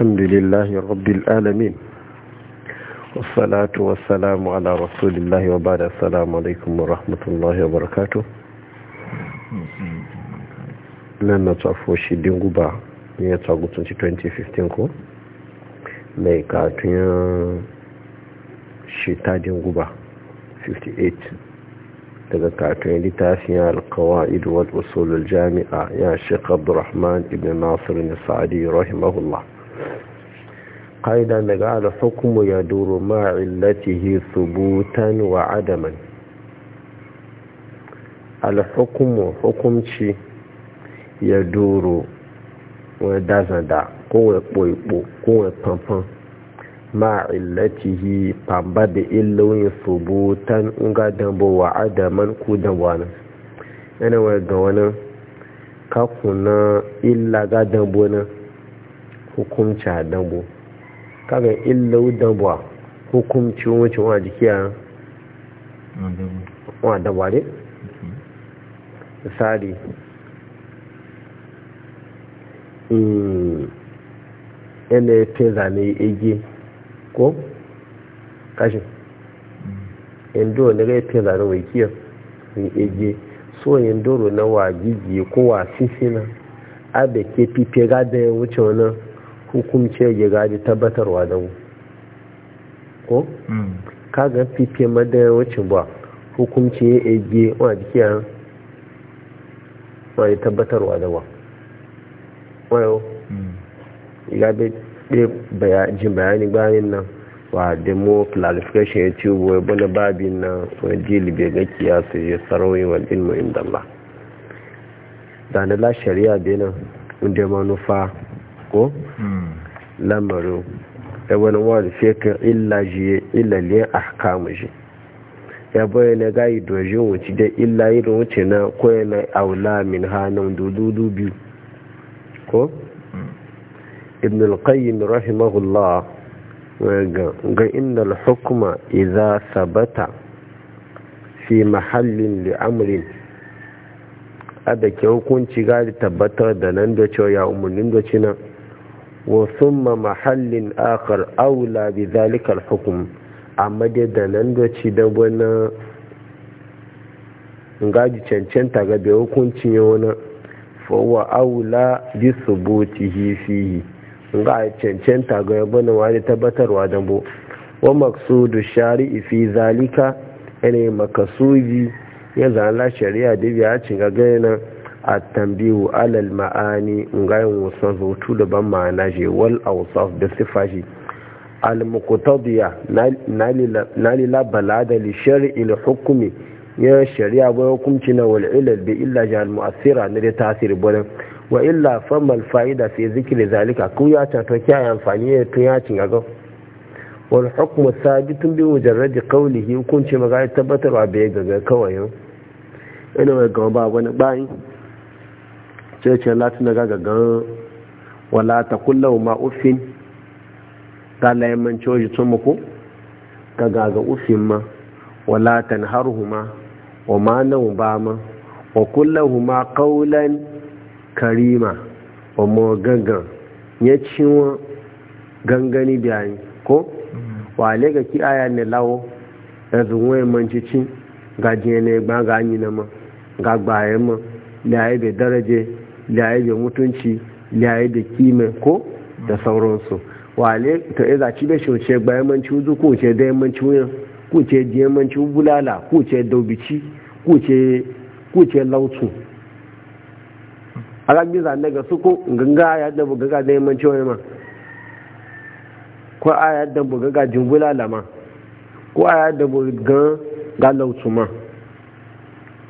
الحمد لله رب العالمين والصلاة والسلام على رسول الله وبعد السلام عليكم ورحمة الله وبركاته لن نتعفو شدين قبع نيتعقو 2015 كو مي ميكاتيا شتادين قبع 58 daga katon littafin alkawa'id wal الجامعة يا شيخ عبد الرحمن ابن ناصر ne رحمه الله kaida daga alhukumu ya duru ma'illatihi subutan wa adaman alhukumu hukumci ya duru wani dazanda ko wani ɓoiɓo ko wani fanfan ma'illatihi famba da illoyin subutan nga dambo wa adaman ku dambo nan yana wani ga wani kakuna illa ga dambo na hukumci a dambo kaga illa illau buwa hukumci wucin wa jikiya wa dabare ne misali eh, yana ya fi zane ya ege ko kashin indoro na gai fi zane wa ikiya ya ege so indoro na wa gigiye ko wa sisina abe ke pipe gada ya wuce wani hukumce ya gaji tabbatarwa don ko? Hmm. kaga fifi madara wacce ba hukumce ya ege wa jikiya wa ya tabbatarwa da wa wayo hmm. ya bai jin bayani bayanin nan wa demo clarification ya ce wa bane babi na waje libe ga kiyasa ya sarauyi wa ilmu inda Allah da na la shari'a benin inda manufa ko hmm. lamarin ebon wani fekin illaliyar ahkamu shi ya bayyana gayi dojin wuce da illa irin wuce na koyana aula min hannun dududu biyu ko? ibn al-qayyim rahimahullah ga inna al-hukuma idza sabata fi mahallin li'amrin a da hukunci gari tabbatar da nan da cewa ya umarnin da cinan wa summa mahallin akar aula bi zalikar hukum a dai da nan doci da wani cancanta ga bai hukuncin ya wani fawa aula bi subutihi fihi nga cancanta ga wani wani tabbatarwa dan bo wa maksudu shari'i fi zalika yana makasudi ya zana shari'a da biya cin ga a tambiyu alal ma'ani ngayin wasan zotu da ban ma'ana shi wal awsaf da sifa shi al muqtadiya nalila balada li shar'i al hukmi ya shari'a ba hukunci na wal ilal bi illa ja al mu'assira na da tasiri bolan wa illa fama al fa'ida fi zikri zalika ku ya ta to kiyaye amfani ya tun ya cin gaga wal hukmu sabitun bi mujarrad qawlihi hukunci tabbatar tabbatarwa bai gaga kawai ina mai gaba ba wani bayin sai ce latin gaga gan wala ta kulla ma ufin ta laiman coji tun muku ka gaga ufin ma wala ta harhuma wa ma nan ba ma wa kulla ma kaulan karima wa ma gangan ya ciwo gangani biyayi ko wale ga ki aya ne lawo ya zuwa mancici ga jene gbaga ga anyi na ma ga gbaye ma da ya ibe daraje laye da mutunci laye da kima ko da sauransu wale ta yi zaci bai shauce bayan manci wuzu ko ce da yammanci wuyan ko ce da yammanci bulala ko ce daubici ko ce ko ce lautu a bi zan daga ko ganga ya da bugaga da yammanci wuyan ma ko aya da bugaga bulala ma ko aya da bugaga ga lautu ma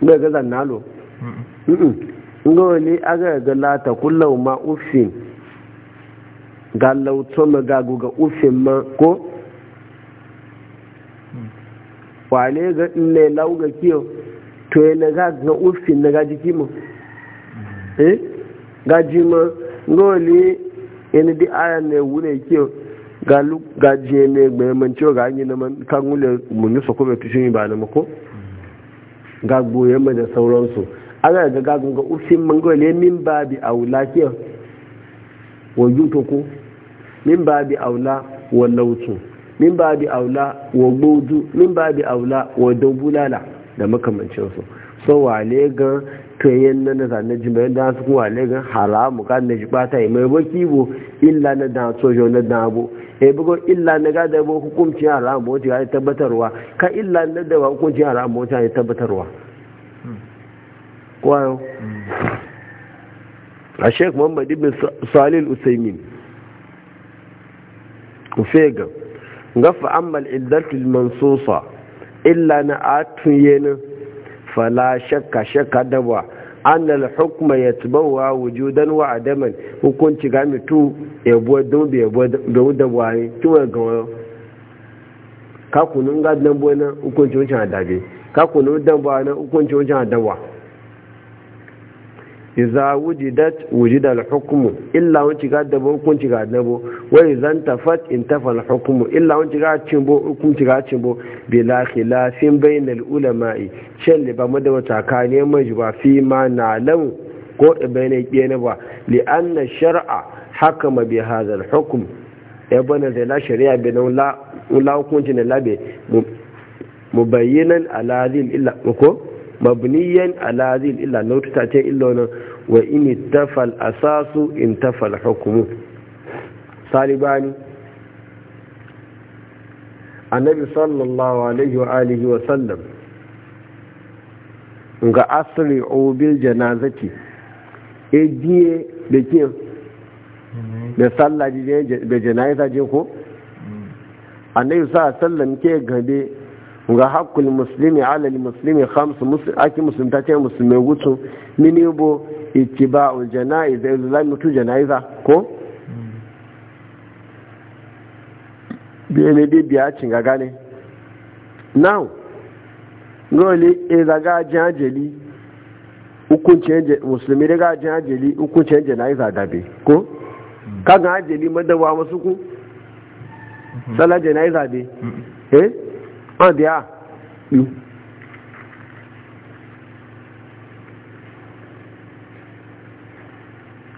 bai ga zan nalo ngoni aga ga lata kullu ma ufin ga to ma ga guga ufin ma ko wale ga e ne ga kiyo to yana ga ga ufin na ga jiki mu eh ga jima ngoli ene di aya ne wure kiyo ga lu ga e gbe man ciwo ga anyi na man kan wule mun so ko be tushin ba na ko? ga ye ma da sauransu ana ga gagun ga ufin mangole min ba bi aula ke wa to ko min ba bi aula wa lautu min ba bi aula wa gbodu min ba bi aula wa dubulala da makamancin su so wale ga to yin nan da na jima da su kuma wale ga haramu kan na jibata mai baki bo illa na da so jo na da bo e bugo illa na ga da bo hukumci haramu wata ya tabbatarwa ka illa na da hukumci haramu wata ya tabbatarwa kwayo a sheik muhammad ibn salil usaimin ufega ga fa'ammal iddatul mansusa illa na atun yenin fala shakka shakka daba annal hukma yatbawa wujudan wa adaman hukunci ga ya buwa don ya buwa da ne tuwa ga kakunin gadon buwa na hukunci wucin adabe kakunun ba na hukunci wucin adawa iza wujidat wujida al-hukmu illa wanci ga dabo hukunci ga dabo wa idan tafat intafa al-hukmu illa wanci ga cimbo hukunci ga cimbo bila khilafin bainal ulama'i shin liba mu da wata kane mai ba fi ma na lam ko bainai kene ba li anna shar'a hakama bi hadha al-hukm ya bana da la shari'a bi la la hukunci ne labe mubayyinan ala dhil illa ko mabniyan ala zil illa nautu ta ce illa wannan wa in tafal asasu in tafal hukumu salibani annabi sallallahu alaihi wa alihi wa sallam ga asiri obin janazati e biye da ke da sallah da janaza je ko annabi sa sallam ke gade ga hakul muslimi alal musulmi hamsu ake musulmi ta ce musulmi gutsu mini bo ittiba'ul jana'iza yanzu za mutu jana'iza ko bene bi biya cin gaga ne now ngoli e daga jajeli hukuncin musulmi daga jajeli hukuncin jana'iza dabe ko kaga ajeli madawa masu ku mm-hmm. sala jana'iza be eh on biya mm.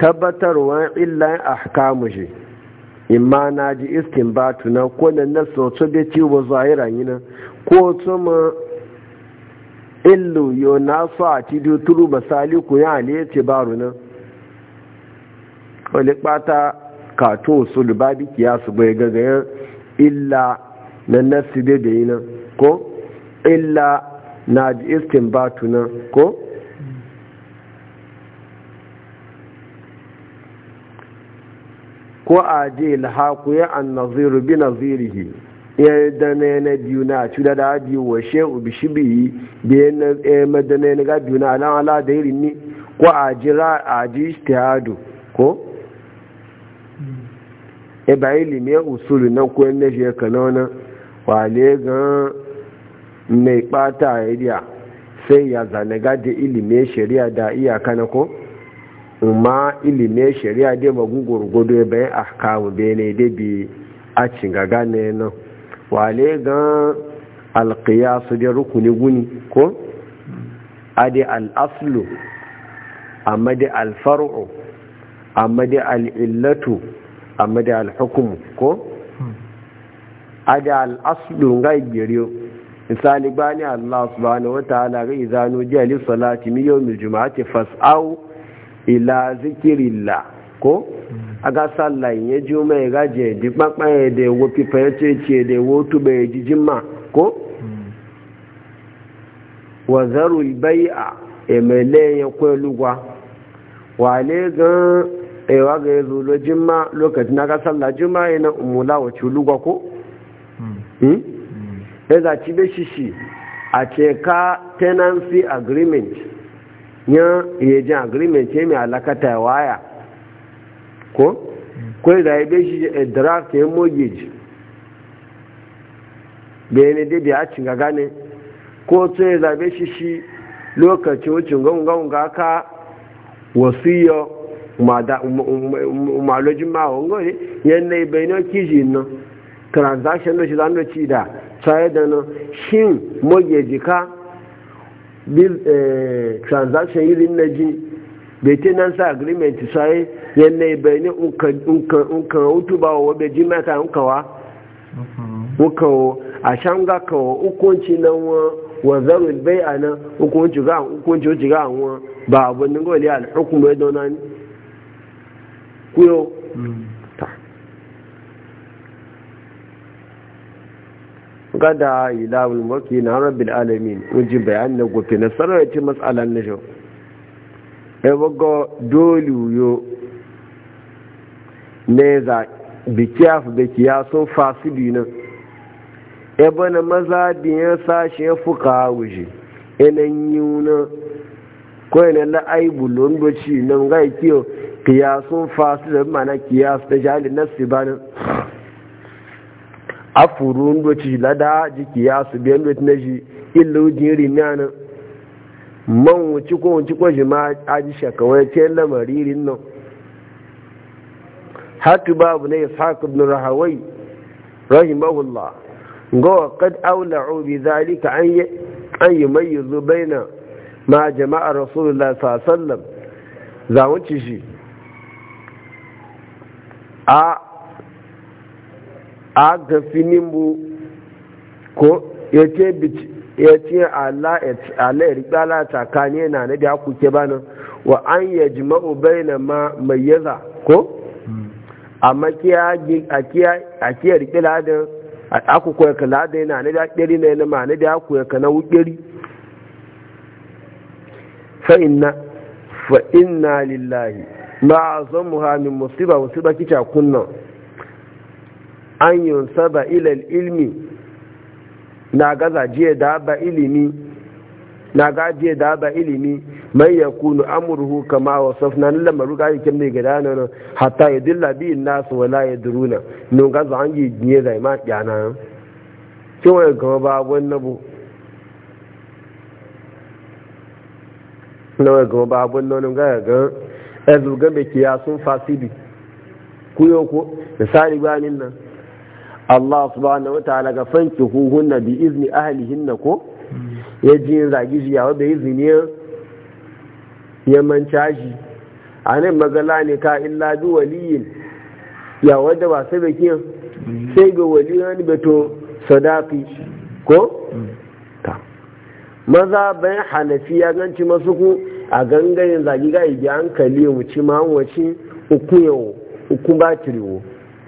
tabbatarwa illan ahkamu shi imma na ji iskin batu na ko na soto da ci zahira yi na ko tuma illu yau na so a ti du turu basali ku ya ale ce baru na wani kpata to su da babi su bai gagayen illa na nasi da yi na ko illa na ji iskin batu na ko ko a je ilhaku ya an naziru bi nazirihi ya da na biyu na cuda da biyu wa shehu bi shibihi da ya madana na ga biyu na alan ala da irin ni ko a jira a ji istihadu ko e ba ilimi ya usulu na ko ne je kana wana wale ga ne ya sai ya zanaga da ilimin shari'a da iya na ko kuma ilime shari'a dai magun gwargwado ya bayan a bene da bi a cinga gane nan wale gan alkiyasu da rukuni guni ko adi al'aslu amma da alfaru'u amma da al'illatu amma da alhukumu ko adi al'aslu ga igiriyo misali bani allah subhanahu wa ta'ala ga izanu salati lissalati miyomil juma'ati fas'au kó zikirilla ko aga sallan ya ji ma ya gaje di kpakpa ya da yawo pipa ya ce ce da yawo tuba ya ji jima ko wa zaru bai'a emele ya kwa wà lé gan ewa ga ya zulo jima lokacin aga sallah jima ya na umula wace lugwa ko ya zaci be shishi a ce ka tenancy agreement yan yajin agreement ce mai alakata waya ko kwai da ya bai shi a draft ya mortgage bai ne dai da ya cinga gane ko to ya zabe shi shi lokacin wucin gangan ga aka wasiyo umarojin ma'awon gore yanayi bai na kiji nan transaction da shi zanen ci da tsaye da nan shin mortgage ka bill eh, transaction irin mm-hmm. na ji maintenance agreement sai yanne bai ne unkan hutu ba wa bai ji mata unkawa unkawo a shan ga kawo hukunci na wa zarul bai a nan hukunci ga hukunci ba abin da gole al-hukum bai dona ni kuyo mm. gada ilawul mulki na rabbil alamin wuji bayan na gofe na sarrafa matsalan na shau e wago dole yo ne za bikiyaf bikiya sun fasidi nan e bana maza biyan sashi ya fuka wuji enan yuna ko yana e la aibu londoci nan ga kiyo kiyasun fasidi mana kiyas da jali nasibanin afuru ndo ci lada jiki ya su biyan doci na shi illu jiri nan man wuci ko wuci ko shi ma ji shakawai ce lamaririn nan haka babu na ishaq ibn rahawai rahimahullah gowa kad Aula, bi zalika an yi mayyizu baina ma jama'a rasulullah sallallahu alaihi wasallam za wuci shi a a ga finin bu ko ya ce ya ce ala ya riƙe Allah tsakani yana na biya kuke nan wa an ya bai na ma mai yaza ko amma kiya a kiya riƙe a ɗaku koya ka ladan yana na biya ƙeri na yana ma na biya koya ka na wuƙeri fa inna lillahi ma'azamuha min musiba musiba kicakun nan an yunsaba ilal ilmi na gaza jiya da ba ilimi na gajiya da ba ilimi mai ya kunu amurhu kama wa safna nan lamaru ga yakin mai gada nan hatta ya dilla bi nasu wala ya duruna nun gaza an yi jiye da ma kyana sai wani gama ba wannan bu na wani gama ba wannan ga ga ezu gambe kiya sun fasibi kuyo ko misali bayanin nan Allah subhanahu wa ta'ala ga fanki huhunna bi izni na ko ya ji yin zagi shi ya da izini ya manta shi a nan magana ne ka illa bi waliyin ya wadda ba sai da kiyan sai ga wani beto sadaki ko ta maza bayan ya ganci masu ku a gangayin zagi ga ibi hankali mu wuce ma wace uku yawo uku ba tiriwo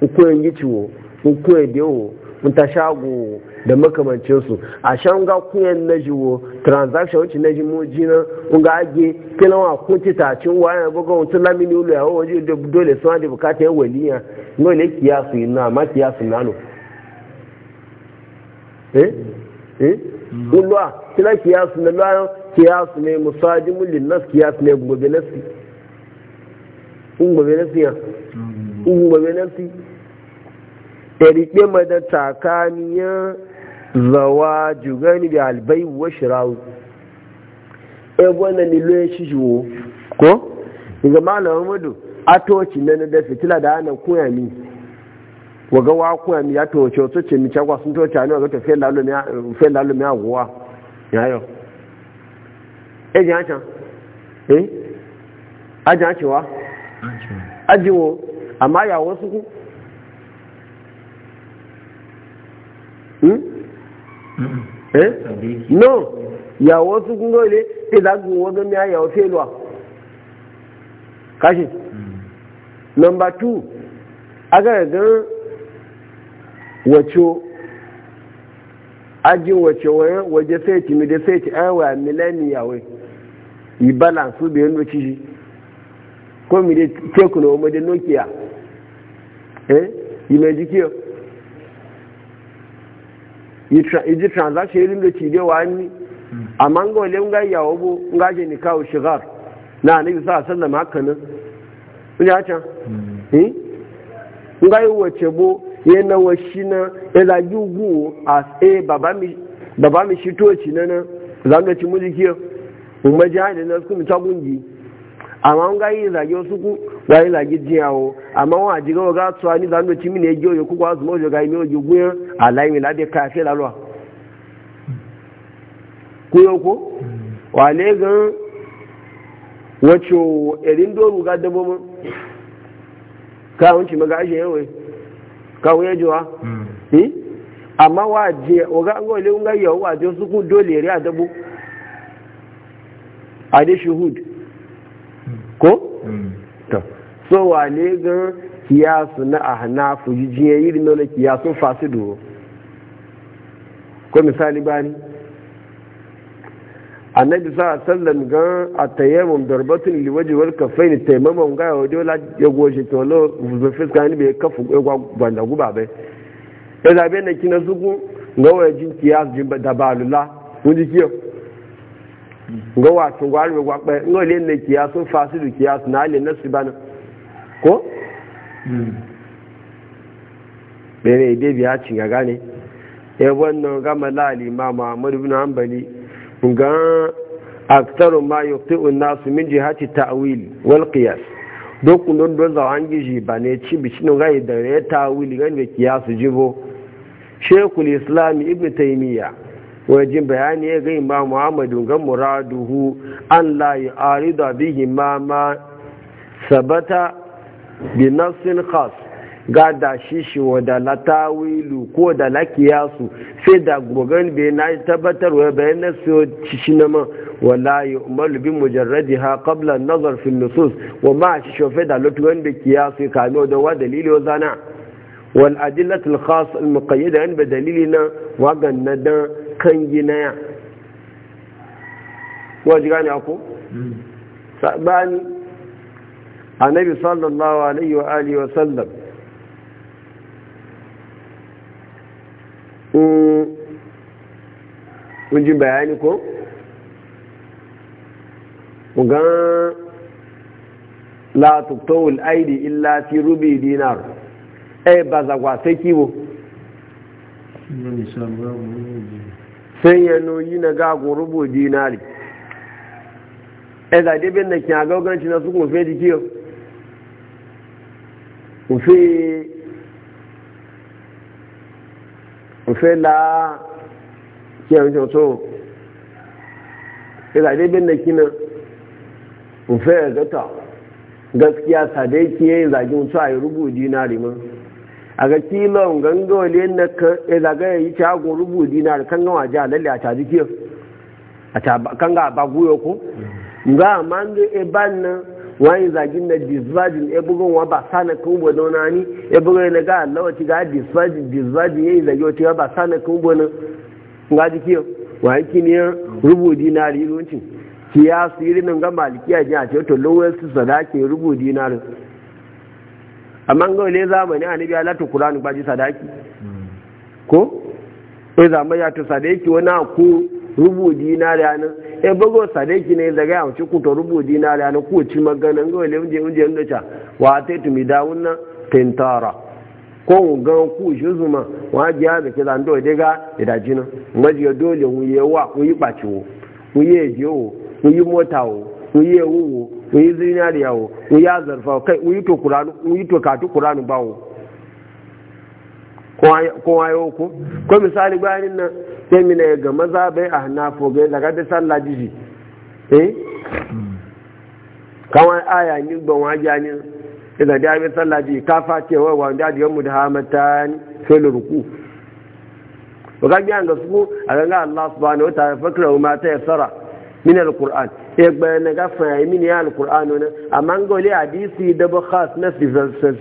uku ciwo ko kuwa biyo ta shago da makamancinsu a shan ga kuyan na jiwo transaction wacce na jimo jina kun ga age kilawa wa kun ci tacin wayan buga wutun lamini ulo yawo waje dole suna da bukata yan waliya no ne kiyasu yi na ma kiyasu na no eh eh mm-hmm. ulwa kila kiyasu na lawan kiyasu ne musajimul linnas kiyasu ne gobe nasi un gobe nasi ya mm-hmm. erikpe da tsakaniyar zawa jugani da albai wa shirawu egwana nilo ya shi jiwo ko? daga malam mudu a toci na na dafi tila da ana kuya mi waga wa kuya mi ya toci wasu ce mi cagwa sun toci a ne waga fe lalo mi aguwa ya yau e ji hancan eh aji hancewa ajiwo amma ya wasu Hmm? Eh? no yàwó ị ga ìdágún wọn ya àyàwó fèlò à káṣí mm. nọmba tù agàgán wọ̀chó ajin wọ̀chó wọ̀nyẹn wọ̀jẹ fẹ́ẹ̀tì mi dẹ fẹ́ẹ̀tì ẹ̀wẹ̀ àmìlẹ́nìyàwó ìbálànsù bẹ́ẹ̀ ló ṣíṣí kó mi dẹ tẹ́kùnà ọmọdé nokia ẹ̀ eh? ìmẹ̀jíkíọ̀ yi transaction irin da ci dai wani amma ga wale nga ya bu nga je ni kawo shigar na annabi sa sallama haka nan kun ya can eh nga yi wace bo yana washi na ila yugu as a e, baba mi baba mi shito ci na na zanga ci mu dikiyo mu na su mi ta gungi amma n gaghị zage osukwu gaghị zage ji ya hụ amma nwa ji gawa ga tụọ anyị zanụ chi mini eji oyo kwụkwa azụ ojo gaghị oyo gwe ala ime ladị ka fe lalụa kuyoko wale gan wacce erin doru ga dabo mu ka hunci maga ashe yawe ka wuye jiwa amma wa je waga an gole un ga yawo wa je su ku shuhud ko mm. to so wane gan kiyasu na ahnafu jijiye yiri na wani kiyasun fasidu ko misali bani annabi sa sallam gan a tayammum darbatun liwaji wal kafaini tayammum ga ya dole ya goje to lo fiska ni be kafu gwa gwanda guba bai? da zabe ne kina zugu ga wajin kiyas jin da balula kun ji kiyo ga wato gwari ga kwakwai ngole ne kiyasu fasidu kiyasu na alin nasu bana ko hmm. bene ide biya cin ga gane e wannan gama lali ma Muhammad ibn Hanbali ga aktaru ma yuqti'u an-nasu min jihati ta'wil wal qiyas dokun don don za an gishi ba ne ci bicin ga da ta'wil ga ne kiyasu jibo Sheikhul Islam Ibn Taymiyyah wajen bayani ya gani ma muhammadu ga muraduhu an layi yu'arida bihi ma ma sabata bi nafsin khas ga da shi wa wada latawilu ko da lakiyasu sai da gogan bai na tabbatar wa bayan na so shi na man wala yu'malu bi mujarradi ha kabla nazar fi wa ma shi shofe da lotuwan da kiyasu kamiyo da wa dalili zana wal adillatul khas al muqayyada na wagan wa dan kan gina ya wajen gane ako? Hmm. saɓani annabi sallallahu alaihi wa alihi wa sallam hmm, ji bayani ko? gan la tuktowul aidi illa fi rubi dinar e ba zagwa sai kiwo sai ya noyi na gago rubo dinari e zaɗe bin da kya gauganci na su kufe jiki kufe kufe la kiyan kyoto e zaɗe bin da kina kufe ya zata gaskiya sadai kiyayin zagin su a yi rubo dinari ma a ga kilon ganga na zaga ya yi cago rubu dinar kan gawa ji lalle a caji kiyo a kan ga ba guyo ko nga amma ga eban nan wani zagin na disvagin e, e bugun wa ba sana kan ubo da wani e bugun na ga Allah wati ga disvagin disvagin yayi zagi wati ba sana kan ubo nan nga ji kiyo wani kiniyar rubu dinar yi runcin kiyasu irin nan ga malikiya ji a ce to lowest sadaki na dinar amma ga wale zamani annabi Allah to Qur'ani ba ji sadaki ko sai zamani ya to sadaki wani ku rubu dinari anan e bago sadaki ne daga ya wuce ku to rubu dinari anan ku ci magana ga wani unje unje unje ta wa ta tumi dawunna tentara ko ga ku shi zuma wa ji ya zake zan do daga idajina e maji dole mu yewa mu yi baciwo mu yi ejewo mu yi motawo mu yi wuwo. mu yi zinariya wo mu ya zarfa kai mu to kuranu mu to katu kuranu bawo kowa yau ko ko misali bayanin nan sai mina ga maza bai a hanafo gai daga da sallah jiji eh kawai aya ni ban wajiya ni idan da bai sallah jiji ka fa ce wa wanda da yamu da hamatan sai ruku to ga biyan ga su a ga Allah subhanahu wa ta'ala fakra ma ta yassara min alquran e bayan ga fa min ya alquran ne amma ga wali hadisi da ba khas na fi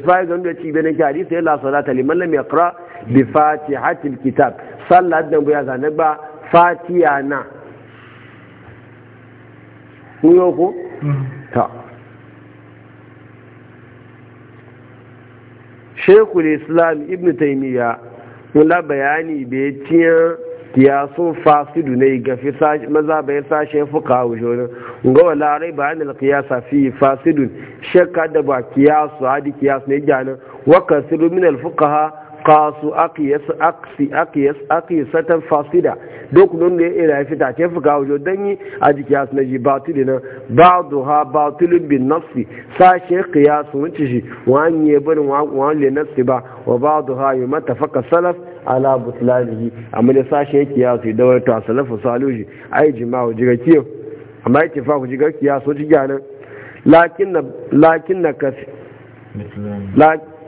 sai ga ga ci da ne hadisi la salata liman lam yaqra bi fatihati alkitab sallat da bu ya zane ba fatiha na ku yo ko ta Sheikhul Islam Ibn Taymiyyah wala bayani bai tiyan ya sun fasidu ne ga fi maza bayan sashen fuka a wujonin ga wala rai bayan alkiyasa fi fasidun shakka da ba kiyasu hadi kiyasu ne gyanin waka siru min alfuka ha kasu akiyasatan fasida duk nun da ya ira ya fita ce fuka wujo don yi a jiki yasu na ji batuli na ba'adu ha batulun bin nafsi sashe kiyasu wuce shi wani ya barin wani ne nafsi ba wa ba'adu ha yi mata faka salaf ala butlanihi amma da sashe ya kiyasu da wani ta salafu saluji ai jima'u jiga kiyo amma ya ce faku jiga kiyasu jiga nan lakin na kasi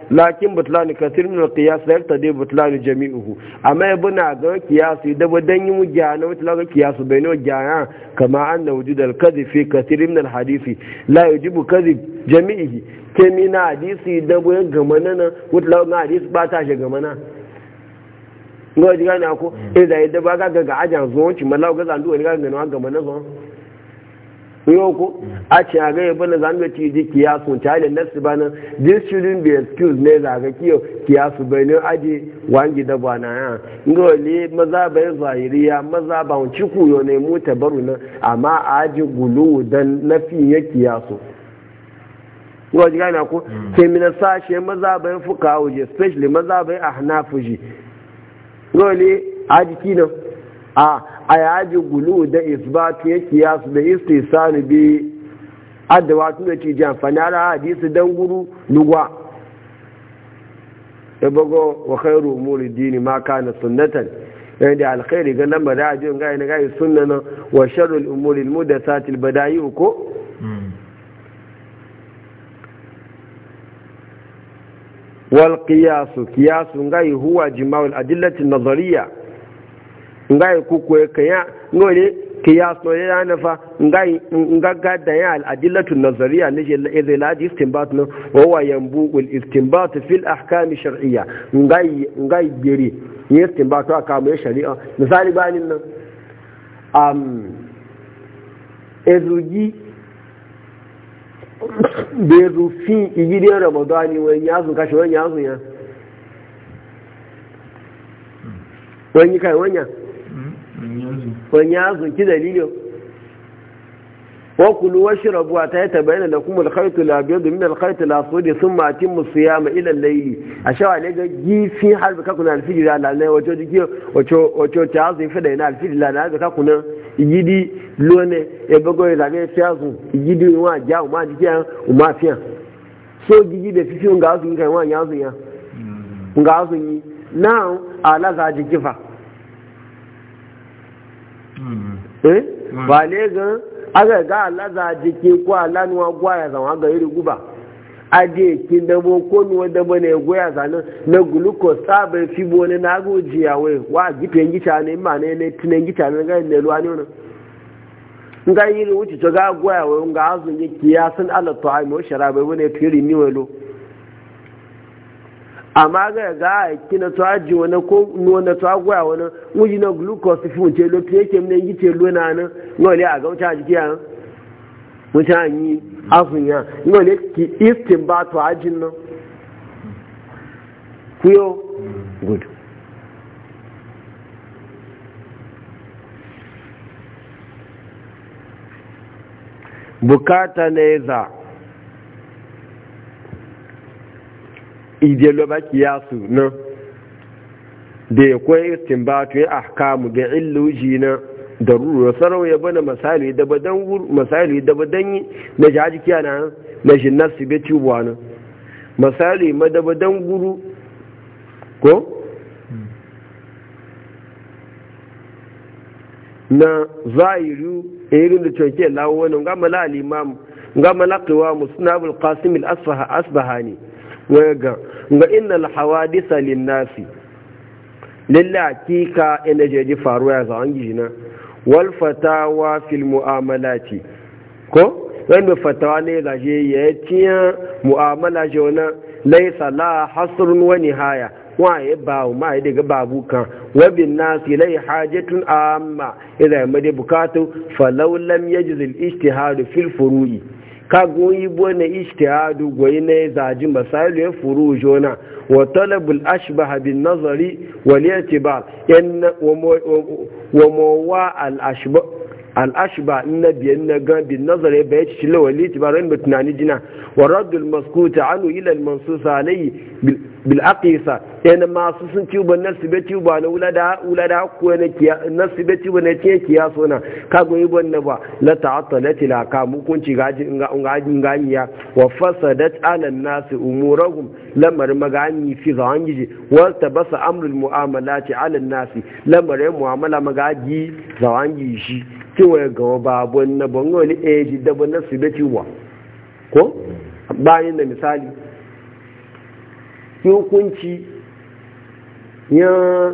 lakin butlani kasir min qiyas la yaqtadi butlani jami'uhu amma yabuna ga qiyasi da badan yi mujana mutla ga qiyasu bayno jana kama anna wujud al kadhib fi kasir min al hadisi la yujibu kadhib jami'ihi kemina hadisi da bayan gamana mutla ga hadisi ba ta shi gamana ngo ji gane ko mm. eh da yadda ba ga ga ajan zuwa ci mala ga zandu wani ga ganin ga mana zuwa yo ko a ci a ga yabba na zandu ci ji kiyasu ta da nasu ba nan this shouldn't be excuse ne da ga kiyo kiyasu bai ne aje wangi da ba na Nga wa le maza bai zahiriya maza ba un ci kuyo ne mu tabaru nan amma aje gulu dan nafi ya kiyasu wa ji na ko sai mm. mina sashe maza bai fuka waje especially maza bai ahnafuji a aji kino a a yaji gulu da isbatu ya su da istisani bi adawa tun da ke ji amfani ala hadisi don guru lugwa ya bago wa khairu umuri dini ma kana sunnatan yana da alkhairi ga lambar da ajiyar gaya na gaya sunna na wa sharul umuri mudasatil badayi ko wal qiyasu qiyasu ngai huwa jima'ul adillati nazariya ngai kuku kaya ngole qiyas no ya nafa ngai ngaga da ya nazariya ne je idza la istinbat no huwa yanbuqu al istinbat fi al ahkam shar'iyya ngai ngai biri ne misali bayanin nan am ezuji bai rufi igidiyar ramadani wani yazu kashe wani yazu ya wani kai wani wani yazu ki dalilin wakulu washi rabuwa ta yi tabbayin da kuma alkhaitu labiyar domin alkhaitu laso da sun matin musu ya ma ilan laili a shawa ne ga gifi harbi kakuna alfijira lalai wato wacce wacce ta yazu fi da yana alfijira lalai harbi kakuna ìyídí lónìí ẹgbẹgbẹ ìlànà ẹfẹ àzùn ìyídí wọn àjá wọn àdìjẹ wọn so jíjí bẹ fífi ń gàásù yìí kẹwọn àyàn àzùn yẹn ń gàásù yìí náà alága àdìjẹ fà. wàlẹ́ hmm. eh? gan agàgà alága àdìjẹ kó gbọ́ àyàzà wọn aje ki dabo ko nuwa dabo ne goya zanen na glucose sabon fibo ne na goji yawe wa gipe gita ne ma ne ne tunan gita ne ga ne ruwa ne wani nga yiri wuce to ga goya wa nga azun ye kiyasan ala ta'am wa sharaba wa ne firi ni welo amma ga ga kina to aji wani ko nuna to goya wani wuji na glucose fi mun ce lo fiye ke mun yi lo na nan ngole aga ga wuta jiki mutane an yi afin ya yau ne ki istin ba to ajin nan kuyo gudu bukata ya za idelo ba kiyasu nan da ya kwaye istin ba to ya ahkamu ga illuji na da ruru sarau ya bana misali da badan misali da badan na jaji kiyana na bai be buwa na misali ma da badan guru ko na zahiru irin da coke lawo wani ga mala al-imam ga mala qiwam sunan al-qasim al-asfaha asbahani waya ga ga innal hawadisa lin-nasi lalla hakika ina jeji faruwa ya zawon gijina wal fatawa fil mu'amalati ko wanda fatawa ne gaje ya tiya mu'amala jona laisa la hasrun wa nihaya wa ya ba ma daga babu kan wa bin nas ilai hajatun amma idan mai bukatu falaulam lam yajzi al ijtihad fil furu'i Ka goyi bo na ijtihadu goyi na ya zaji masailu ya furu jona wa talabul ashbah bin nazari wal yatiba wa mawa al ashbah al'ashba na biyan na gambin nazare bai ci cile wa litibarin da tunani jina wa raddul maskuta anu ilal mansusa alayhi bil aqisa yana masu sun ci ba nasu bai ci ba na wulada wulada ko na kiya nasu bai ci ba na kiya kiya sona ka go yi bonna ba la ta'attalat la ka mu kun ci gaji in ga in ga ya wa fasadat ala nas umurahum lamar magani fi zangi wa tabasa amrul muamalati ala nas lamar muamala magaji zangi shi cewa ya gawa babon na bango wani eji daba na su beci wa ko bayan na misali hukunci ya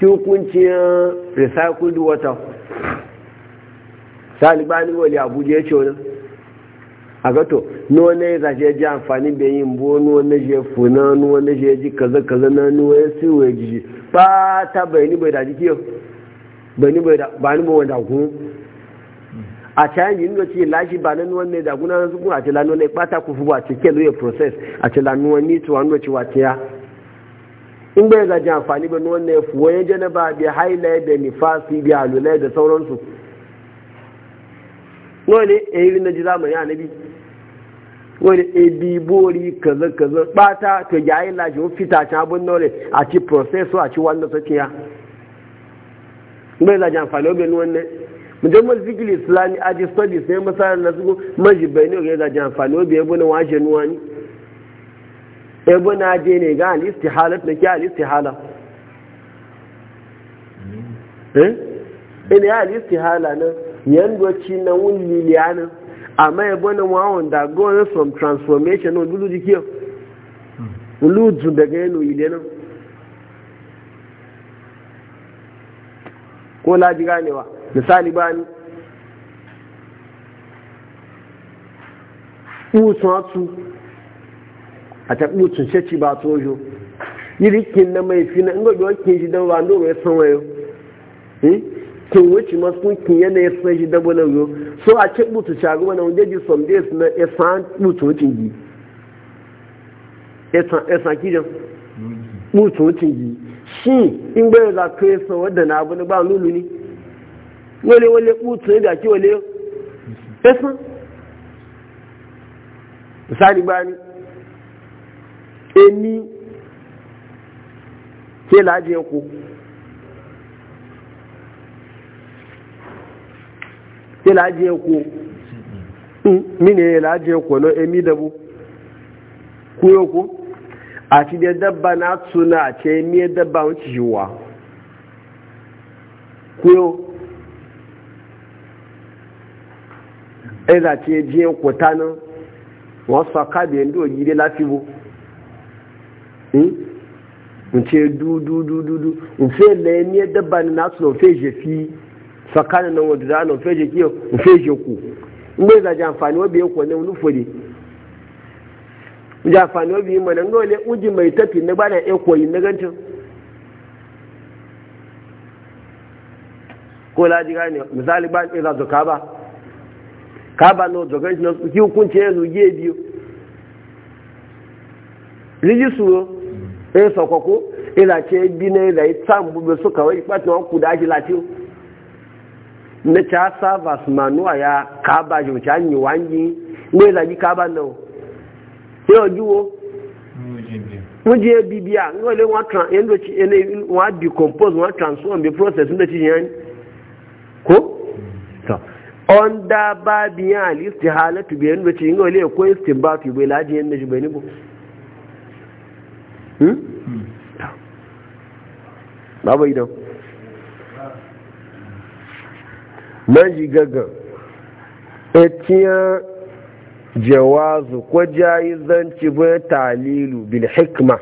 hukunci yán recycled water salibani wali abuja ya ce wani a gato nuwa na ya zaje ji amfani da yin bo nuwa na je funa nuwa na je ji kaza kaza na nuwa ya siwo ya ji ba ta bayani bai da ji kiyo bayani bai da ba ni bai da kun a cayan yi nuwa ce lashi ba na nuwa ne da guna na sukun a ce lanuwa ne bata kufu ba ce ke lo zuwa process a ce lanuwa ni tuwa nuwa ce wace ya in bai zaje amfani ba nuwa ne fuwa ya jana ba bi haila da nifasi bi alulai da sauransu Nawa ne, eh, na ji zamani a nabi. wani ebi bori kaza kaza bata to yayi laji wani fita can abin nore a ci processor a ci wanda sake ciya bai zaji amfani obin wannan mutum mun zikili islami aji studies sai masarar na suku maji bai ne ga zaji amfani obin ebe na washe nuwa ni ebe na je ne ga alistihalat na ki alistihala eh ina alistihala na? yanzu ci na wuli liyanin àmọ́ ya náà wọ́n àwọn that go away from transformation náà lúlú di kíọ̀ lúlú dùn dẹ̀gẹ́ nínú ìlẹ́ ko laji ganewa misali atu a ta ɓutun ceci ba tojo na mai e fina in gobe shi don ba ndo mai sanwayo eh hmm? kun wuce ma sun kinye na yasa shi dabo na so a ce mutu shagu wani wanda ji some days na yasa mutu wucin gi yasa kijan mutu wucin gi shi in bai za ka yasa wadda na abu ba lulu ne wale wale mutu ne da ke wale yasa misali bani emi ke laje ko ke laje ko hmm, mine ya laje no emi da bu ku ko a ti da dabba na tsuna ce mi e dabba wuce yiwa ku yo e da ce je wọ́n sọ káàdì ẹ̀ndó òyìnbó láti wo ǹ ṣe dúdúdúdúdú ǹfẹ́ lẹ́ni ẹ̀dẹ́bà ni náà tún ọ̀fẹ́ fi. fakana nan wadda za a nan feje kiyo in feje ku in bai zaji amfani wabi yanku wani wani fure ji amfani wabi yi mana ga wani uji mai tafi na bana ya koyi na gancin ko laji gane misali ba ɗaya za su kaba kaba na wato gancin eh, na su kiyo kunce ya zuge biyu riji suro ya sakwako ila eh, ce bi na ila ya samu bube su kawai ɓatin wa ku da ake latiyo na ca sabas manuwa ya kaba jo ca nyi wangi ne la ji kaba no te o juwo muje bibia ngo le wa tran en do ci en wa decompose wa transform the process ndo ci yan ko to onda babiya alistihalatu bi en do ci ngo le ko istinbatu e bi la ji en ne ji bani bo hmm, hmm. babu idan Manji ji gaggan etiyan jawazu ko jayizanci bai talilu bil hikma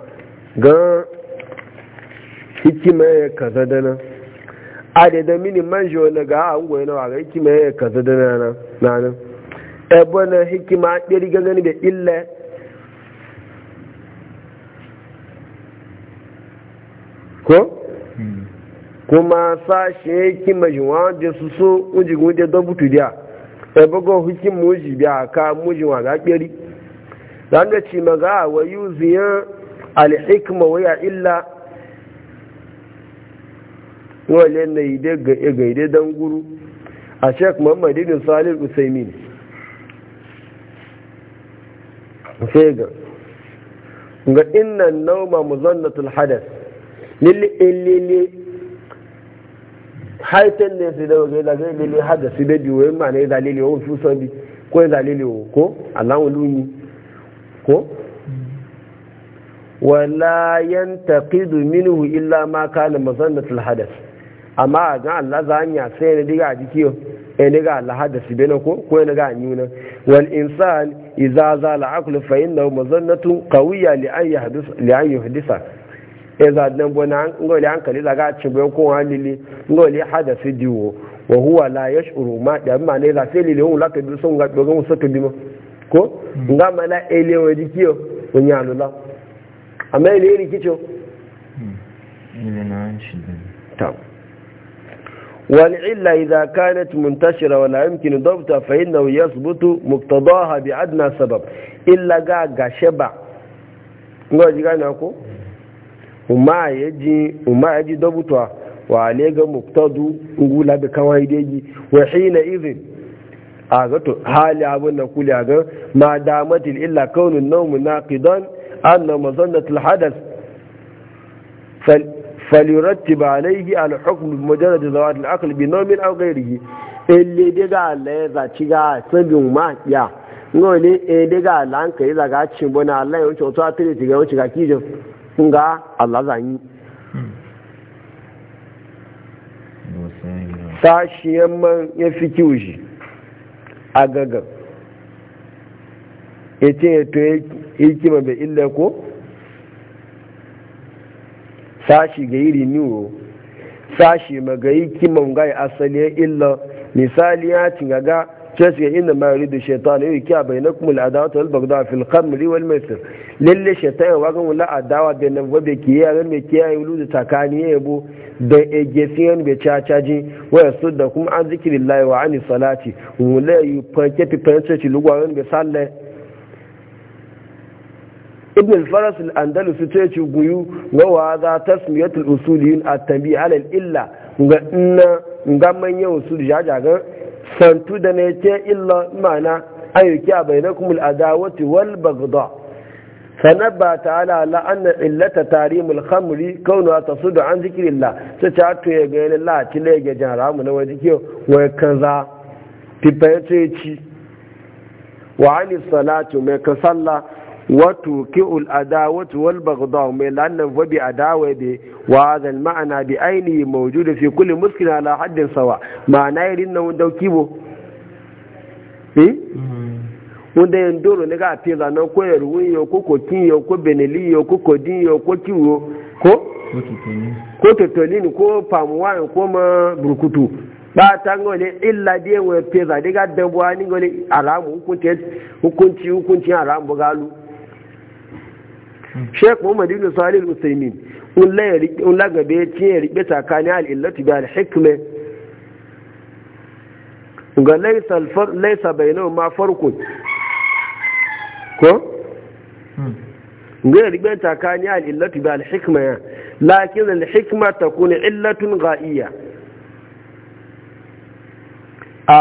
gan hikima ya kaza dana adada mini manji wani ga a goyi na waga hikima ya kaza dana na nan ebe na hikima ɗiri gangani da illa ko kuma sashe ki majiwa da su so uji gude don butu biya e bago hukin muji biya ka muji wa gakiri don da ci maga wa yuziya al alhikma waya illa wale ne ide ga e, ga ide don guru a shek Muhammad ibn Salih Usaimin sai ga ga inna nauma muzannatul hadath lili ilili haitan ne su da wajen lagar lili har da su da biyu yin ma na yi zalili wa wasu sabi ko yi zalili wa ko allahu luni ko wala yan taqidu minhu illa ma kana mazannatul hadath amma ga Allah zanya sai ne diga jikiyo e diga Allah hadath bena ko ko ne ga anyuna wal insan idza zala aqlu fa innahu mazannatu qawiyya li an yahdith li eza dan bona ngoli hankali daga cibo ko halili ngoli hadasi diwo wa huwa la yashuru ma da ma ne za feli le hun hmm. la kedu so nga dogon so kedu mo ko nga mala ele o di kiyo onya lula ama ele ri kicho ile hmm. na shi ta والعلة إذا كانت منتشرة ولا يمكن ضبطها فإنه يثبت مقتضاها بأدنى سبب إلا قاقا شبع نقول جيغانا أكو umma ya ji umma ya ji dabuta wa ne ga muktadu ngula bi kawai deji wa hina idhin a ga to hali abun nan kula ga ma damatil illa kaunun nawm naqidan anna mazannat al hadath fal falyurattib alayhi al hukm bi mujarrad zawat al aql bi nawmin aw ghayrihi elle de ga le za ci ga sabin ma ya ngole e de ga lan kai za ga cin bona Allah ya wuce to a tire ci ga wuce ga kijin ga Allah zanyi tashiyan man ya fi kiwo a gaga ya ce ya to ya kima bai illa ko sashi ga iri niwo sashi ga yi kiman gai asali ya illa misali ya ci gaga cewa su ga inda ma yuridu shaitan ya yi kiya bai na kuma al'adatu al-bagdad fil khamri wal maisir lalle shaitan ya wagan wula adawa da nan wabe kiyaye ran mai kiyaye wulu da takani ya yabo da yan bai caji waya su da kuma an layi wa ani salati wula yi fanke fifanci ci lugwaron bai salle ibn al-faras al andalus ta ce guyu ga wa za tasmiyatul usuliyin at-tabi alal illa ga inna ga manyan da jajagan santu da ne ce illa ma'ana ayyuki a bainakum al-adawati wal baghdha sanabba ta ala ala illata tarimul khamri kauna ta sudu an zikiri la ta ta to ya ga yana la ti lege mu na wa zikiyo wa kaza tibbe wa ani salatu mai ka salla wa tu ki'ul adawatu wal baghda mai lannan wa bi adawa bi wa zal ma'ana bi aini mawjuda fi kulli muskin ala haddin sawa ma'ana irin nan dauki bo wanda yin doro ne ga fi zanen ko yarwun yau ko kokin yo ko benelin yo ko kodin yau ko kiwo ko ko totolin ko pamuwan ko ma burkutu ba ta ngole illa dai wa fi za daga dabuwa ani ngole alamu hukunci hukunci hukunci alamu galu hmm. Sheikh Muhammad Ibn Salih Al-Utsaimin un la gabe ci ya ribe tsakanin al-illati bi al-hikma ga laysa al-farq laysa bainahuma farqun ko hmm. gina ka ni al'illatu bi al-hikma ya lakin al’hikma ta kuna illatun ga'iya a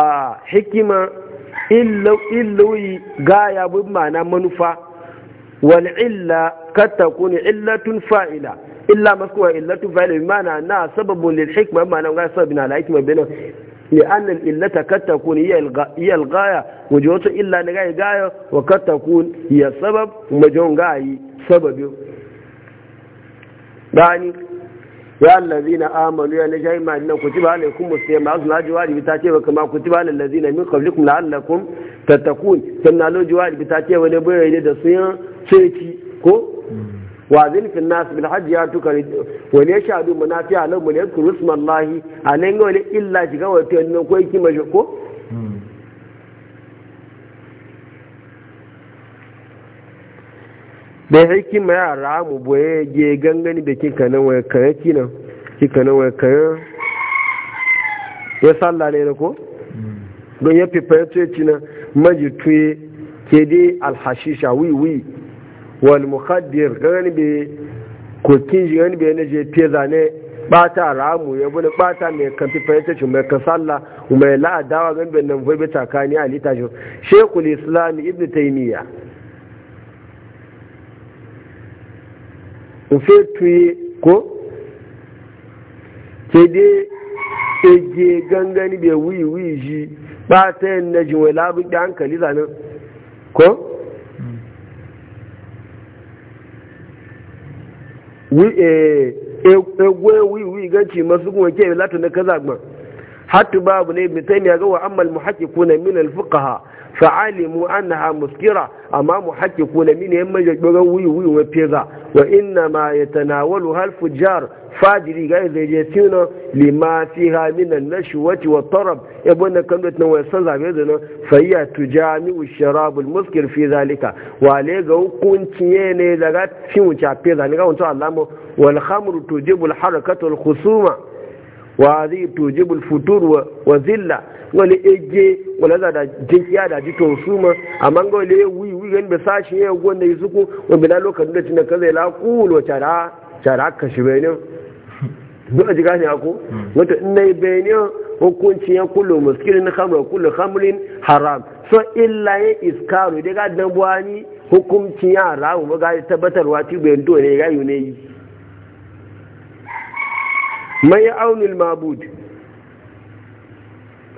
hikima illoyi gaya bin mana manufa wani illa ka ta kuna illatun fa'ila illa masu kuma illatun fa'ila bi mana na sababin lil hikma mana ga sababin ala bi لأن الإلة قد تكون هي الغاية وجوته إلا نغاية غاية وقد تكون هي السبب ومجون غاية سبب يعني ya allazina amanu ya najayi ma dinan kutiba alaikum musayma azu na jawabi ta ce kama kutiba alal ladzina min qablikum la'allakum tattaqun sannan lo jawabi ta ce wani bai da su yan ceci ko wa zilfin nasu bil hajji ya tuka wani ya wa ne shadu munafiya lau mun yanku rusman lahi a nan yau ne illa shi wa ta yannan ko yake mashi ko da ya haiki ma ya ramu boye ge gangani da kika nan wa kaya kinan kika nan wa kaya ya salla ne na ko don ya fifa ya cina cinan majituye ke dai alhashisha wiwi wani muhaddir gani be kokin shi gani be na je fiye zane bata ramu ya bude bata mai kamfi fahimta shi mai kasalla mai la'adawa gani be nan bai kani a shi shekul islam ibn taimiyya ofe tuye ko ke dai ege gangani wuyi wuyi shi bata yin na jinwai labu ɗan hankali zanen ko wi eh, eh, eh, wiwi ganci masu kuma ke latin na kaza gban حتى باب ابن تيمية قوى أما المحققون من الفقهاء فعلموا أنها مسكرة أما محققون من يما يقوي وي وبيضا وإنما يتناولها الفجار فاجري غير يجسون لما فيها من النشوة والطرب يبون كمدة ويصنع بيضنا فهي تجامع الشراب المسكر في ذلك وعليه قوكون تيني لغات فيون شعبيضا نقول الله والخمر تجيب الحركة الخصومة wa zai tujibul futur wa zilla wani ege da zada jinkiya da jikin suma amma ga wani ya wuyi wuyi gani basa shi ya gwanda yi suku wani bila lokacin da cin da ka shi bai ne duk a ako wata ina yi bai hukunci ya kullu muskilin hamra kullu hamrin haram so illa ya iskaru daga hukunci ya rawu ga tabbatarwa tibayen to ne ya yi mai aunin mabud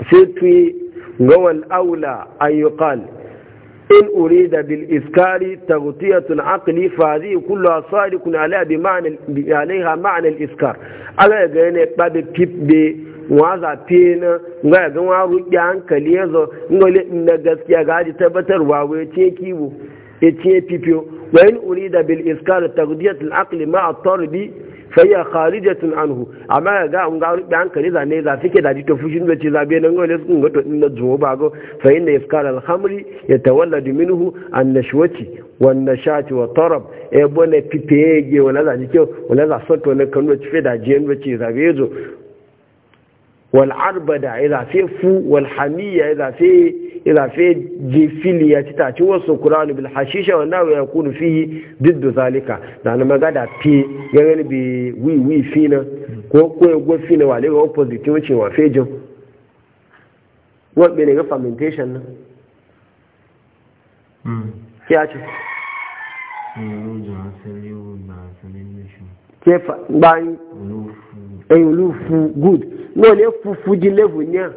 sai tuyi ga aula an in urida bil iskari taghtiyatul aqli fa hadhihi kulluha sadiqun ala bi ma'na alaiha ma'na iskar ala ga ne babe pipbe waza pena ga ga wa ruƙi hankali yazo ngole na gaskiya ga ji tabbatarwa wai ce kibo e ce pipiyo wa in urida bil iskari taghtiyatul aqli ma'a tarbi fayya kharijatun anhu amma ga an ga da hankali za ne za suke da jito fushin da ce zabe nan gole sun ga to din na zuwa ba go fa inna ifkar al-khamri yatawalladu minhu an-nashwati wan-nashati wa tarab e bone pipege wala za jike wala za soto ne kanu ci fe da jiyan da ce zabe zo wal'arbada ya fe fu walhamiya ya fe jefili ya ta ci wasu kuranu bil hashisha wanda ya kunu fi diddu zalika na na magada fi ganin bi wiwi fi na ko koyo gwa fi na wale ga opposite wace wa fejin wadda ne ga fermentation na hmm. ya ce hmm, ke ba yi olufu eh, good wọ́n lè fufu di lẹ́bù ní à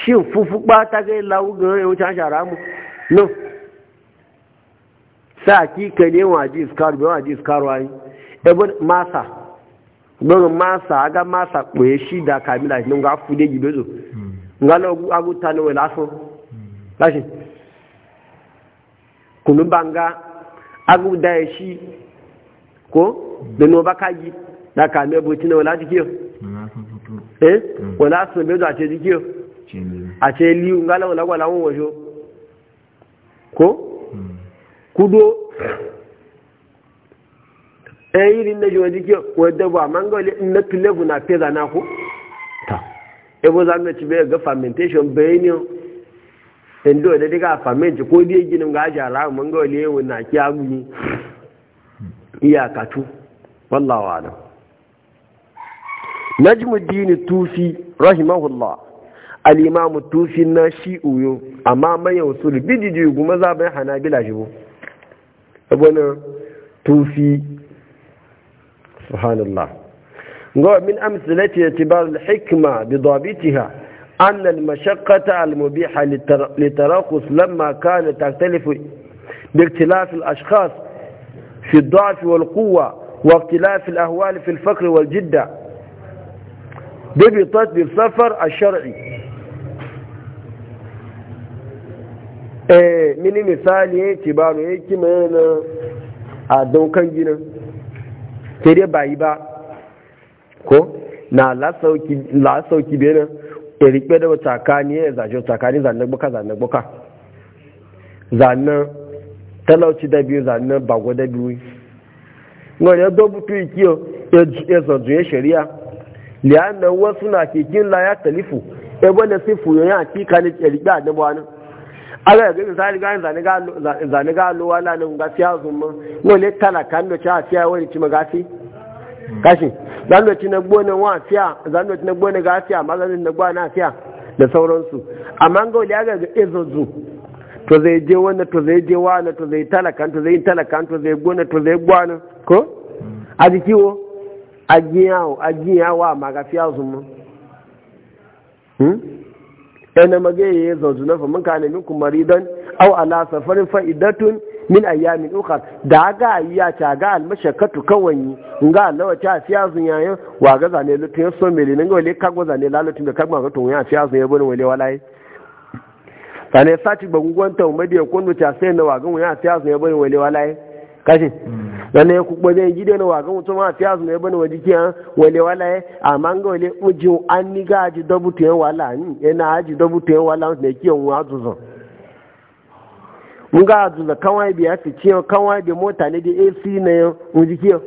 ṣì ń fufu pátákẹ́ láwù gan ẹ̀hún tí a ń ṣàrà mú no sáà kí kẹ́lẹ́ wọn àti ìsìkárù bí wọn àti ìsìkárù ayé ẹgbẹ́ máàsà gbọ́n aga máàsà pè é ṣì dá kàmílà ní nga fúdé yìí lóso nga lọ agúta ni wọn lásán láṣẹ kùnúbànga agúda ẹ̀ ṣì kó lẹ́nu ọba káyí tí wọ́n láti kí eh mm. wala sun bezo a ce jikiyo a ce liyu ngala wala wala won wajo ko mm. kudo e yiri na jiwa jikiyo wadda ba mangole na tulebu na peza na ko ta ebo zanga ci be ga fermentation bayinio e endo da diga ferment ko dai ginin e ga jara mangole yau na kiyagu ni mm. iyakatu wallahu a'lam najmu tusi tufi rahimahullah al'imamu tusi na shi uyo amma mai yau suri bididi guma zaben hanabila shigo abuwanin tufi subhanallah ga min amsalati itibar al-hikma bi dabitiha an al-mashaqqata al-mubiha li taraqus lamma kanat taktalifu bi ikhtilaf al-ashkhas fi ad-da'f wal-quwwa wa ikhtilaf al-ahwal fi al-faqr wal-jiddah ببطت بالسفر الشرعي mini misali ya ce ba mai a dai bayi ba ko na lasauki benin ya rikpe da tsakani ya zaje tsakani talauci da biyu bago da biyu ikiyo shari'a liyanna wasu na kekin la ya talifu e wanda sai fuyo ya hakika ne ke riga da wani ala ga misali ga zane ga zane ga lo wala nan ga siya zumma no le tala kan do cha siya wani ci magasi kashi dan na gona wa dan na ga na amma ga wali to zai je to zai je to zai to zai to zai gona to zai gwana ko a jikiwo ajiyawa ah, magafiya zuma ɗan hmm? magaye ya na famin ka nemi kumari don au ala safarin fa'idatun min ayyamin ukar da ga ayya ta ga almashakatu lawa ta fiya zun yayin wa ga zane lutun so mele zane lalutun da kagma ga ya fiya zun wale walai sati ta umadi ya ta sai na wa ga ya fiya zun wale walai kashi mm. lana ya kuɓa zai gida na wagan mutum ma fiya su ne bane wa jiki an wale wala ya amma ga wale uji an ni ga aji dabu tuyen wala ni yana aji dabu tuyen wala ne kiyan wa azuzan mun ga azuza kawai biya fi ciyan kawai da mota ne da ac na yan mu jiki yan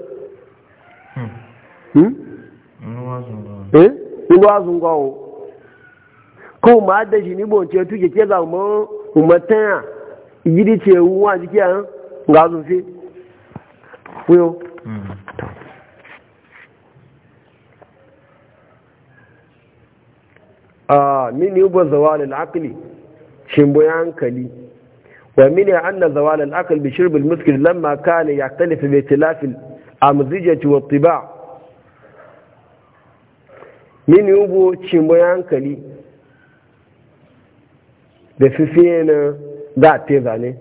eh ndo azunga o ko ma da shi ni bon ce tuke ke za mu umatan gidi ce wa jiki an ga azun fi wuyo a ah, min yubo zawalin akili shimbo ya hankali wa min ya na zawa akil bi shirbin muskil lamma kane ya kalifi mai tilafin a mazijiyarci wa ba? min yi shimbo ya hankali da fiye na za a teza ne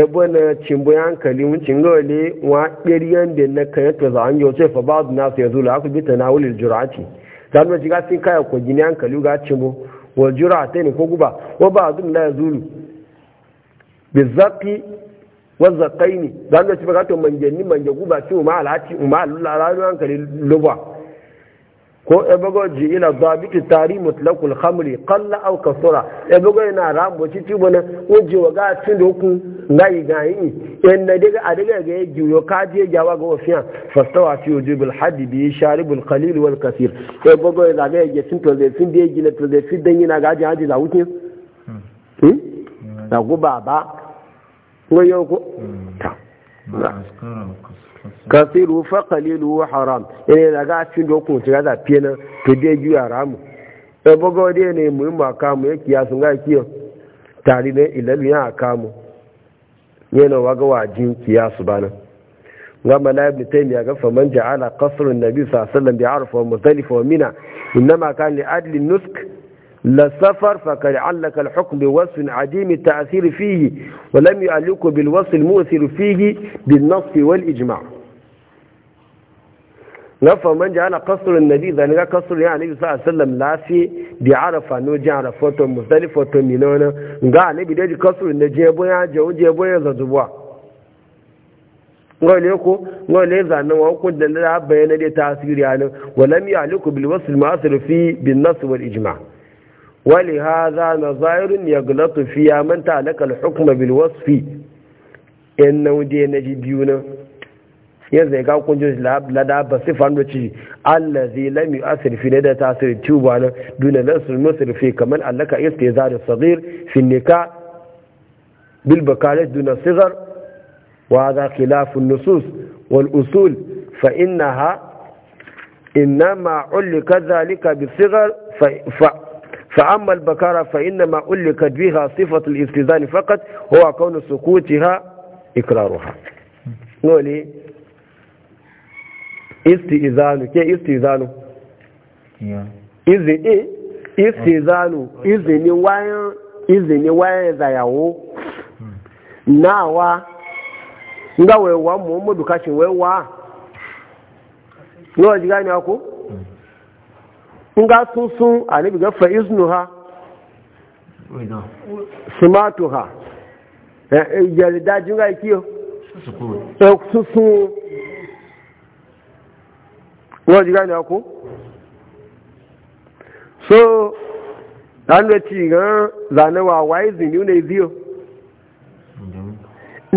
ebe na cimbo ya hankali mun cinga wa ɗariyan da na kan to za yau sai fa na su ya zula aku bita na wulil jurati dan mun jiga sin kaya ko gini hankali ga cimbo wal ne ko guba wa ba'd na ya zulu zaki wa zaqaini dan mun jiga to manjanni manja guba ci ma alati ma alala hankali lubwa ko ebogo ji ila zabiti tari mutlaqul khamri qalla aw kasura ebogo ina rambo ci ci bona wuji waga cin da hukun ngai gayi en na daga adaga ga yiwo ka je jawa ga ofiya wa fi wujubul hadd bi sharibul qalil wal kasir. e bogo da e ga je sin to de fin de gina to de fi dan yana ga ji haji da wuce hmm na hmm? go baba ko yo ko hmm. ta kasiru fa wa haram en da e ga cin do ko ta da na to de ju haram e bogo de ne mu ma ka mu e kiya sun ga kiyo tari ne ilalu ya ka mu yana waga wajin kiyasu bana ga mala ibn taymiya ga fa man ja'ala qasr an-nabi sallallahu alaihi wasallam bi'arfa wa muzdalifa wa mina inma kan li adli nusk la safar fa kad allaka al-hukm bi wasf adim at-ta'thir fihi wa lam yu'alliqu bil wasf al-mu'thir fihi bin nass wal ijma' nafa man ji ana kasurin nabi zane ga kasurin ya anabi sa'a sallam lafi bi arafa no ji ara foto musali foto ni na wani ga anabi da ji kasurin na jebo ya jewo jebo ya zazzubuwa ngoi ne ko ngoi ne zane wa ko da na bayyana da ta asiri ya nan walam ya aliku bil wasl ma'asir fi bin nas wal ijma wali hadha nazairun yaglatu fi ya man ta'alaka al hukuma bil wasfi in nawdi na ji biyu na yanzu ya zai ga kunjin lada ba sai fando ci allazi lam yu'athir fi da tasir tuba na duna nasr musir fi kaman allaka istizar saghir fi nikah bil bakalat duna sigar wa za khilaf an-nusus wal usul fa ha ma innaha إنما علق ذلك بالصغر فأما البكارة فإنما علقت بها صفة الاستئذان فقط هو كون سكوتها إكرارها نولي istizanu ke istizanu izini istizanu izini wayan izini wayan zayawo hmm. nawa nga wewa muhammadu kashin wewa yawa ji gani ako nga sun sun anibi ga fa iznu ha simatu ha yarda eh, eh, nga kiyo sun eh, sun wọ́n jí gáyìn ọkú so lánàá tí ìran zànàwà wáìzì ní ọ̀nà ìdíò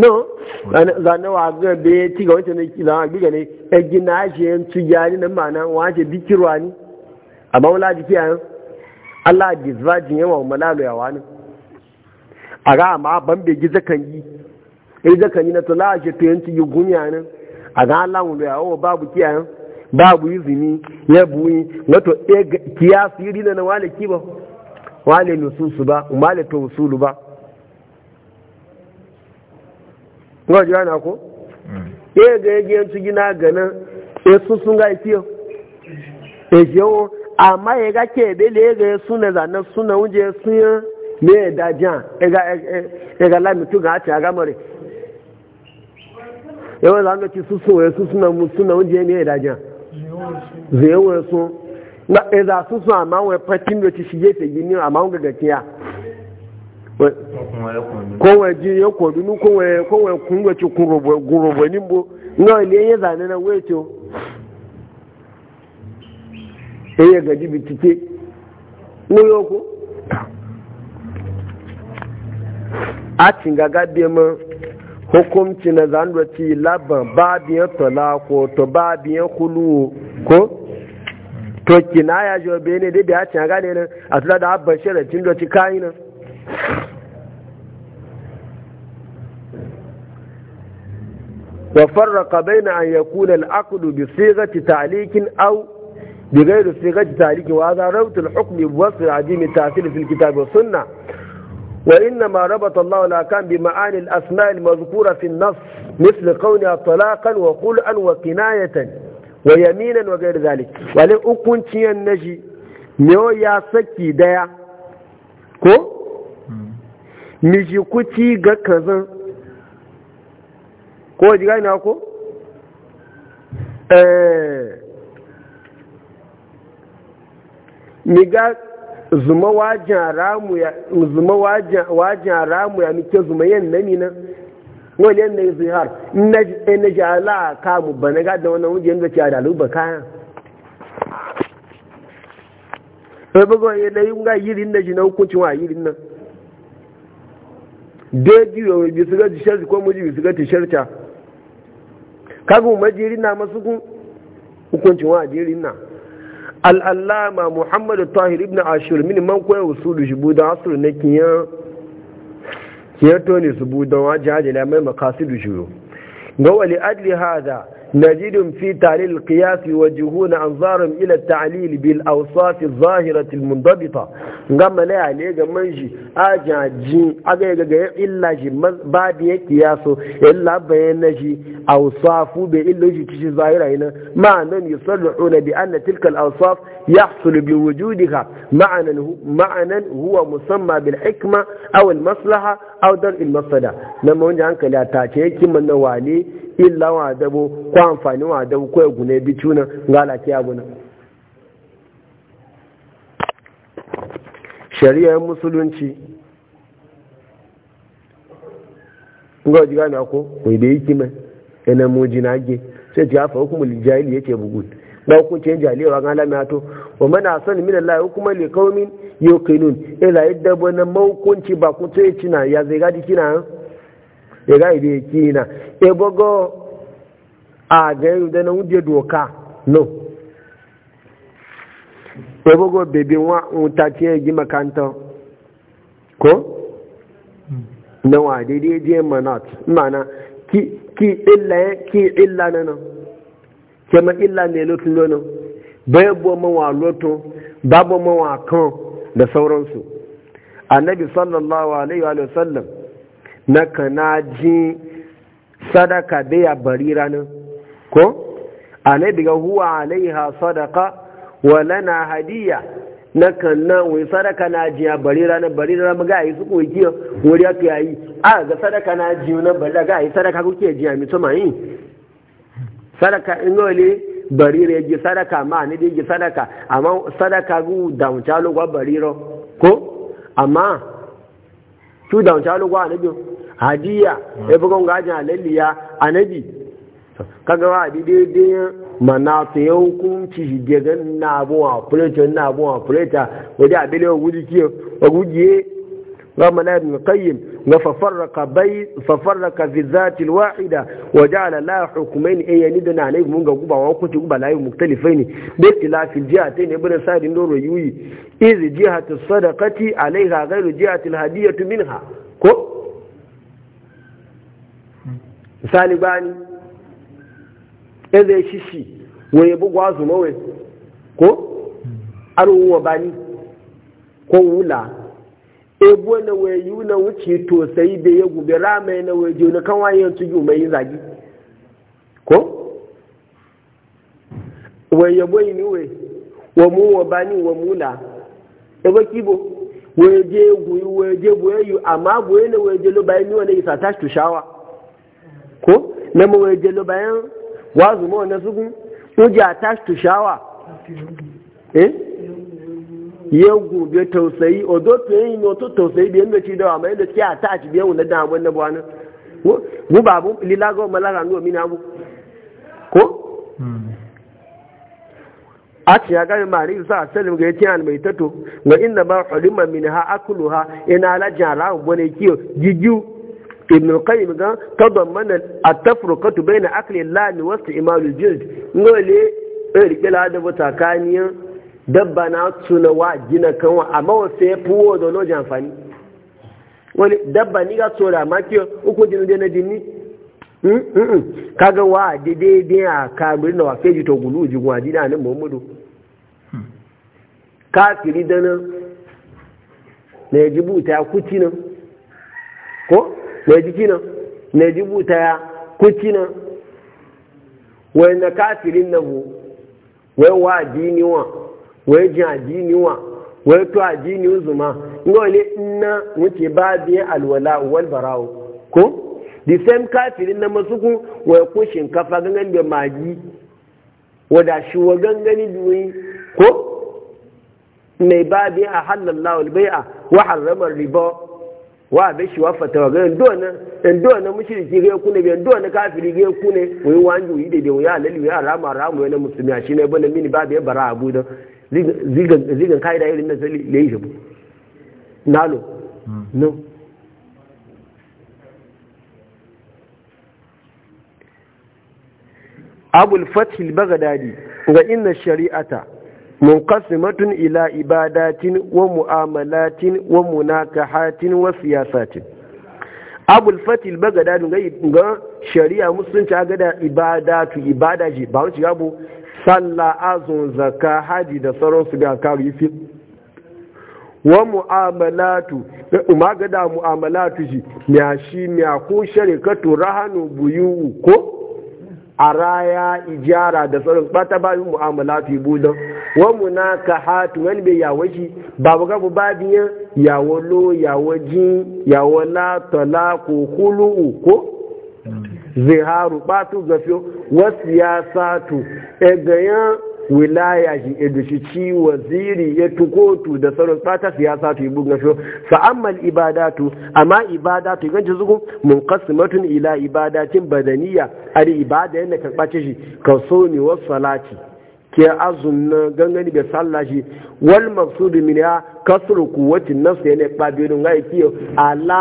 no zànàwà gan bẹ tí gàwọn tẹ̀lé kí làwọn àgbégbẹ̀ ní náà ṣe ń ya ní nàmbà náà wọ́n á ṣe bí wa ní àmọ́ láti kí àyàn aláàdì zvajì yẹn wọn mọ̀lálò yà wá ní àmà bambe gi yi ẹ̀ na tó láàṣẹ babu izini ya buyi wato e, kiyasi yi na wale kiba wale nususu ba wale tausulu ba ga jira na ko mm. e ga yage yanci gina ganin e su sun e, e, ga ikiyo e jewo amma ya ga ke bele ya ga ya suna zanen suna wuje sun yi me ya dajiya ya ga lamitu ga ake agamare yawan zanen ci su suna suna wuje me ya dajiya zai wani sun na ɗaya e su sun amma wani fatin da ci shige ta gini amma wani gaggakiya kowa ji ya kodunu kowa kunga ci kurobonin bo na ile ya zane na weto ya yi gaji bitike nilo ko a cingaga biyan hukumci na zanuwa ci laban babiyan talako to babiyan kuluwo وفرق بين أن يكون العقد بصيغة تعليق أو بغير صيغة تعليق وهذا روت الحكم بوصف عديم التأثير في الكتاب والسنة وإنما ربط الله الأكام بمعاني الأسماء المذكورة في النص مثل قولها طلاقا وقلعا وكناية وكناية wa yaminan wa gairi zalik wale hukuncin naji mewa ya saki daya ko miji kuci ga kazan ko waje gani ko eh miga zuma wajen ramu ya zuma wajen ramu ya mike zuma yan nami wani na yi zihar eh, na ji ala ka mu ba na gada wani wujen da ce da luba kayan sai bugo ya na yi ga yiri na ji na hukuncin wa yirin nan daji wa bi su gaji sharci ko muji bi su gaji sharca ma majirin na masu hukuncin wa jirin na al'allama muhammadu tahir ibn ashur min man koya usulu shi buda asir na kiyan ya tone su budon wajen hajjala mai makasidu shiro ga wali adli hada نجد في تعليل القياس يوجهون أنظارهم إلى التعليل بالأوصاف الظاهرة المنضبطة نقام لا عليك منجي أجا جين أجا إلا جي بعد يكياس إلا بينجي أوصاف بإلا جي كشي ظاهرة هنا مع معنى يصرحون بأن تلك الأوصاف يحصل بوجودها معنى هو, معنى هو مسمى بالحكمة أو المصلحة أو در المصلحة نما ونجي عنك لا تاتي من نوالي illa wa dabo ko amfani wa dabo ko ya gune bi tuna ga lafiya guna shari'a musulunci ga jiga na ko ko da yake mai yana moji na ge sai ji afa hukumul jahili yake bugun da hukuncin jahiliya ga lamiya to wa mana sanin min Allah hukuma li qaumin yuqinun ila yadda bana maukunci ba ku sai cina ya zai gadi kina ya e ga ibe kina e bogo a ga yi e da na wuje doka no e bogo bebe wa ta ce gi ko hmm. na wa daidai je e manat mana ki ki illa ki illa na nan kema illa ne lotun lono bai bo wa loto babu wa kan da sauransu annabi sallallahu alaihi wa sallam na kana jin sadaka da ya bari ranar ko na daga huwa alaiha sadaka wa lana hadiya na kana wani sadaka na ji ya bari ranar bari ranar ga yi su kuma kiyo wuri aka yayi a ga sadaka na ji na bari ga yi sadaka kuke ji a mituma yi sadaka inole barira ya ji sadaka ma ni da ji sadaka amma sadaka gu da mutalo gwa ranar ko amma tu da mutalo gwa ne biyu hadiya ya buga ga ajin a nabi kaga wa di daidai mana ta yau kunci shige gan na abun operator na abun operator wajen abin yau guji kiyo wa gujiye ga mana ibn qayyim ga fafarraka bai fafarraka fi zati alwahida wa ja'ala la hukmain ay e yanida na ne mun ga guba wa hukunci, guba layi muktalifaini bi ikhtilafil jihatayn ibn sa'id ndoro yuyi iz jihatu sadaqati alaiha ghayru jihati alhadiyatu minha ko misali bani eze shishi waye bugwa su mawe ko aruwa bani ko wula ebo na waye na wuce to sai da ya gube rama na waje na na kanwaye yanzu yi mai zagi ko waye boyi ni we wa mu wa bani wa mula ebo kibo waje je guyi waye yu amma boye na waje je lo bayan ni wani isa tashi tushawa ko na jelo bayan wazu mawa na sugun uji a tashi tushawa eh yau bai tausayi odo to yi no to tausayi biyan da ci dawa da ci a tashi biyan wani dan wannan ba wani babu lilago malara no ko a ya gari mari sa salim ga yake an mai tato wa inna ma hulima minha akluha ina la jara wani ibn al-qayyim ga tadammana at-tafruqatu bayna akli al-lan wa isti'mal al-jild ngole eh, rike la da butakaniyan dabba na wa wani dabba ni ga tsora ma ke uku da na dinni mm, mm, mm. kaga wa daidai bin a kabir na wafe ji to gulu ji gwa nan muhammadu hmm. kafiri da nan na ya ji buta ya kuti nan ko na jiki nan na ta ya kuci nan wai na kafirin na mu wai wa addini wa wai jin addini wa wai to addini zuma inga wale ina wuce ba biyan alwala wal barawo ko di same kafirin na ku wai ko shinkafa gangan da magi wada shi wa gangani duwi ko mai ba biyan a halallahu albai'a wa harramar riba wa be shi wa fata ga ndo na ndo na mushriki ga ku ne ndo na kafiri ga ku ne wai wanju yi da ya lalu ya rama rama na musulmi shi ne bane mini ba da bara abu da zigan zigan da irin na sali le yi bu nalo hmm. no abul fath al-baghdadi ga inna shari'ata munqasimatun ila ibadatin wa mu'amalatin wa munakahatin wa siyasatin abul fatil bagada ga shari'a musulunci ga gada ibadatu ibada ji ba wuce gabo sallah azun zakka haji da sauran su ga yi fi wa mu'amalatu ma gada mu'amalatu ji ya shi ya ko sharikatu rahanu buyu ko araya ijara da sauran bata ba mu'amalatu budan wa hatu wani bai yawo shi babu gabu babiyan yawo lo yawo jin yawo la talaku kulu ko ziharu batu gafiyo wasu ya tu! egayen wilaya shi edushi waziri ya e tukotu da sauran fata siyasa ta yi bugun shi fa ibadatu amma ibadatu idan ci zugun munqasimatun ila ibadatin badaniya ari ibada da karbace shi ka so ne wasu salati ke azun gangani bai sallah shi wal maqsudu min ya kasru quwwati nafs ne kpabiru ngai kiyo ala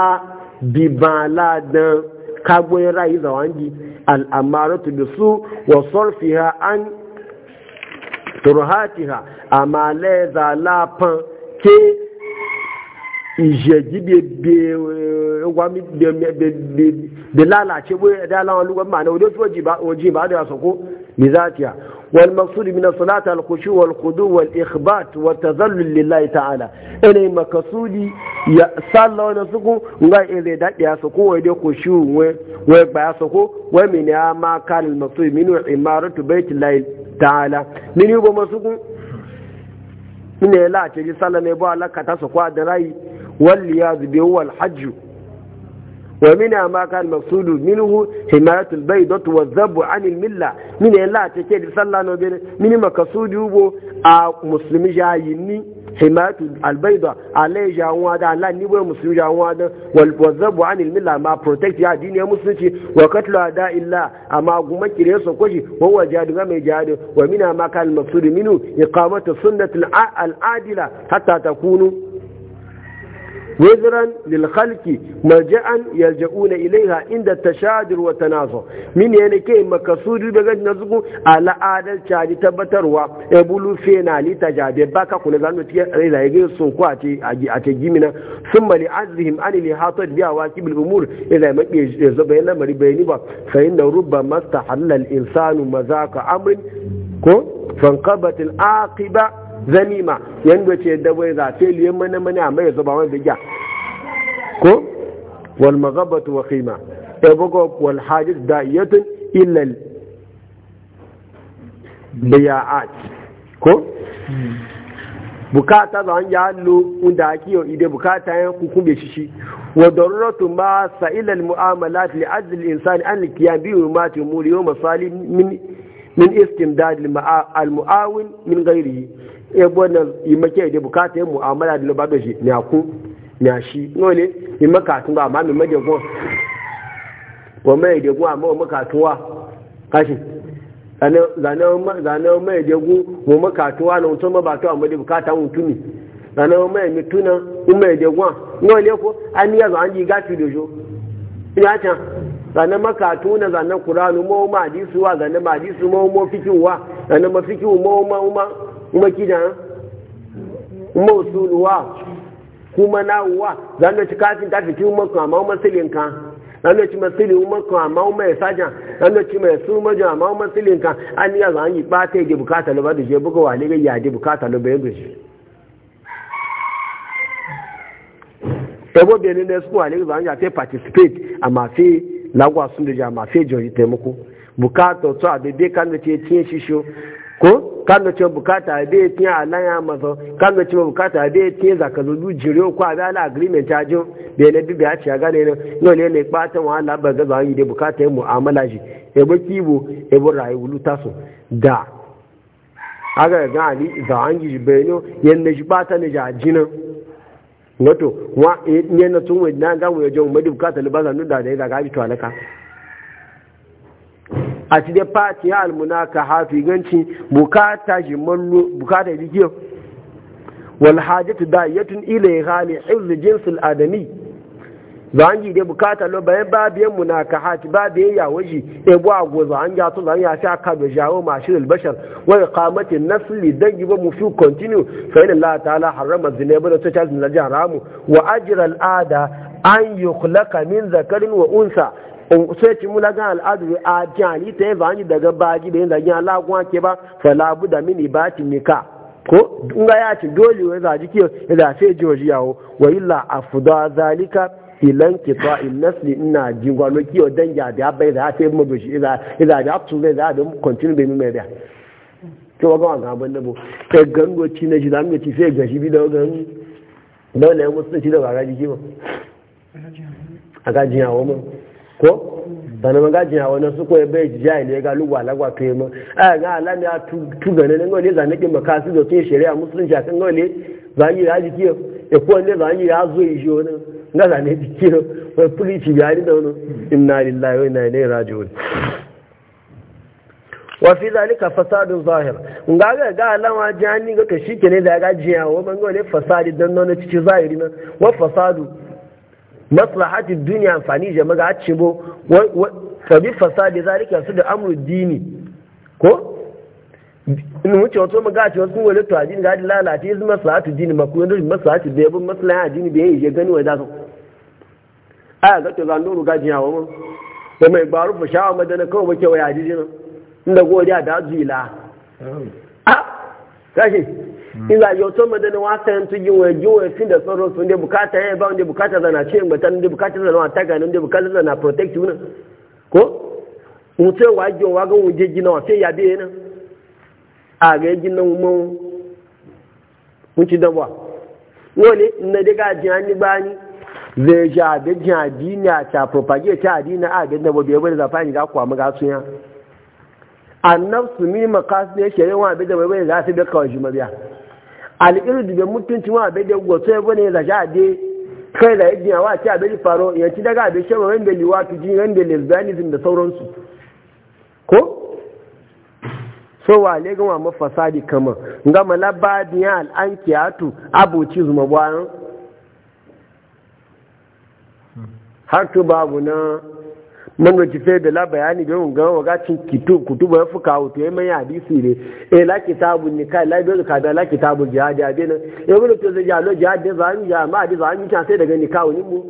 bibala dan kagboyin rayi zawangi al amaratu bisu wa sarfiha an turhatiha amale za la pan ke ìṣẹ̀jí bèèrè lálàá ṣe wé ẹ̀dá aláwọn olúgbọ́n mà náà ojú ìbádọ́ àsọ̀kó nìzáàtìyà والمقصود من الصلاة الخشوع والخضوع والإخبات والتذلل لله تعالى أنا مقصودي يا صلى ونسكو غير إذا دك يا سكو ويدي خشوع ويبقى سكو ومن ما كان المقصود من عمارة بيت الله تعالى من يبقى مسكو من لا تجي صلى الله نبوة لك تسكو أدري واللي يذبه هو الحج ومنها ما كان مقصود منه حماية البيضة والذب عن الملة من لا تكيد صلى الله عليه وسلم من مقصود هو مسلم جايني حماية البيضة عليه جاوان على نيبو مسلم جاوان والذب عن الملة ما بروتكت يا دين يا مسلم وقتل أداء الله أما قمت ريس وكوشي وهو جاد غم جاد ومنها ما كان مقصود منه إقامة السنة العادلة حتى تكون وزرا للخلق ملجا يلجؤون اليها عند التشاجر والتنازع من يعني كي مكسود بغد نزغو على عدل تشاجي تبتروا ابولو فينا لتجابي باكا كون زانو تي ريلا يجي سنكو اتي اتي ثم لعزهم ان الاحاطه بها واكب الامور اذا ما يزبين مري بيني با فان ربما استحل الانسان مذاق امر كو فانقبت العاقبه Zanima, yadda ce da bai za ta liyan mana mana a ya zuba wani bigya ko wal magabatu wa khima e bugo wal hajis da'iyatun illa al biya'at ko bukata za ya hallo inda ake yau ide bukata ya hukume shi shi wa daruratu ma sa'ila al mu'amalat li ajli insani an qiyam bi ma tumuri yau masali min min istimdad al mu'awin min ghairihi ebo na imake da bukata yin mu'amala da lubaba shi ne ku na shi nole imaka tun ba ma mai maje ko wa mai da gwa ma maka tuwa kashi zane zane mai da gu mu maka tuwa na mutum ba tuwa mu da bukata mu tuni zane mai mi tuna mu mai da gwa nole ko an yi zan ji gafi da jo ina can zane maka tuna zane kuranu mu ma hadisu wa zane ma hadisu mu mu fikiwa zane ma fikiwa mu ma kuma kina kuma usuluwa kuma nawuwa za mu ci kafin ta fiti umar kama masilinka za mu ci masili umar kama mai saja za ci mai su maja ma masilinka an yi zan yi ba yi bukata lo ba da je buga wale ga ya di bukata lo ba yadda shi na su wale ga ya participate a mafi lagwa sun da ja mafi jori taimako bukata to a bebe kan da ce tiye ko kanga cewa bukata da ya tiya Allah ya maso kanga cewa bukata da ya tiya zaka zuzu jire ko a ala agreement ta jin da ne bibi ya ci gane ne no ne ne batan wa Allah ba ga yi da bukata ya mu'amala shi e ba kibo e ba wulu taso da aga ga ali za an ji bai yanne shi bata ne ja jinan wato wa ne na tun wajen ga mu ya jawo madi bukata libasa nuda da ya zaga abi to alaka a ti dai fati ya almunaka hafi ganci bukata shi mallo bukata jikiyo wal hajatu da'iyatun ila hali hifz jinsul adami zangi dai bukata lo bayan babiyan munakahati babiyan yawaji e bu agwo zangi ato zangi a sha ka da jawo mashirul bashar wa iqamati nasli dangi ba mu fi continue fa inna Allah ta'ala harrama zinaba da ta jaramu wa ajra al'ada an yukhlaka min zakarin wa unsa sai ci mula gan al'adu a jani ta yi zanyi daga baji da yin zagin alagun ake ba falabu da mini ba ci nika ko in ga ya ci dole wai zaji kiyo ya zafe wa illa afuda zalika ilan kita innasli ina jingwano kiyo dan ya da bai da yi madoshi ila ila da tu zai da continue da mai da to ga wannan da kai gango ci na ji da mu ci sai gashi bi da gan dole mu ci da ba a ga mu ko bana maga jiya wani su koyi bai jiya ne ga lugwa lagwa kai mu a ga alami ya tu gane nan gole zan nake maka su da tun shari'a musulunci kan gole zan yi ji kiyo ya kuwa e ne zan yi ya zo yi shi wani na zan ne kiyo Wani fulici biya ni da wani inna lillahi wa inna ilaihi wani wa fi zalika fasadun zahir nga ga ga alama jani ga ka shike ne da ga jiya wa bangole fasadi dan nan cikin zahiri na wa fasadu maslahati duniya amfani jama'a ga ci bo fabi fasadi rikin su da amur dini ko in wuce wato maga cewar wasu wani to jini ga lalace su maslahatu dini ma kuma yadda maslahatu da yabon a dini da yi je gani wani da su a ga to zan duru gajin yawo mun da mai baru fa shawa madana kawai bake wai ajin nan inda godiya da ila. a kashi ah! Mm. ina yau to madan wa san ji wai ji wai fin da tsoro su ne bukata ya ba wanda bukata zana ce mutan da bukata zana ta ga nan da bukata zana protect ko mu ce wa ji wa ga gina wa sai ya biye nan a ga gina mu mu ci da ba wani na daga jani bani zai ja a ta a ga da ba bai ga kwa mu ga ya annabsu min maqasid yake yawan abin da za su kawai alƙiru da mutunci ma bai da so ya bane shi shade kai da yadda yawa ce abin faro yanci daga abin shan wani da liwatu ji wani da lesbianism da sauransu ko so wa le gama mafasadi kama nga malabadin ya al'anki atu aboci zuma bayan har babu na man ga ci da la bayani bai mun gawa ga cin kitu kutubu ya fuka wato ya manya hadisi ne eh la kitabun ni kai la bai ka da la kitabun jihadi abi nan ya eh, wani to zai jalo jihadi za mu ya ma hadisi an kan sai daga ni kawo ni mu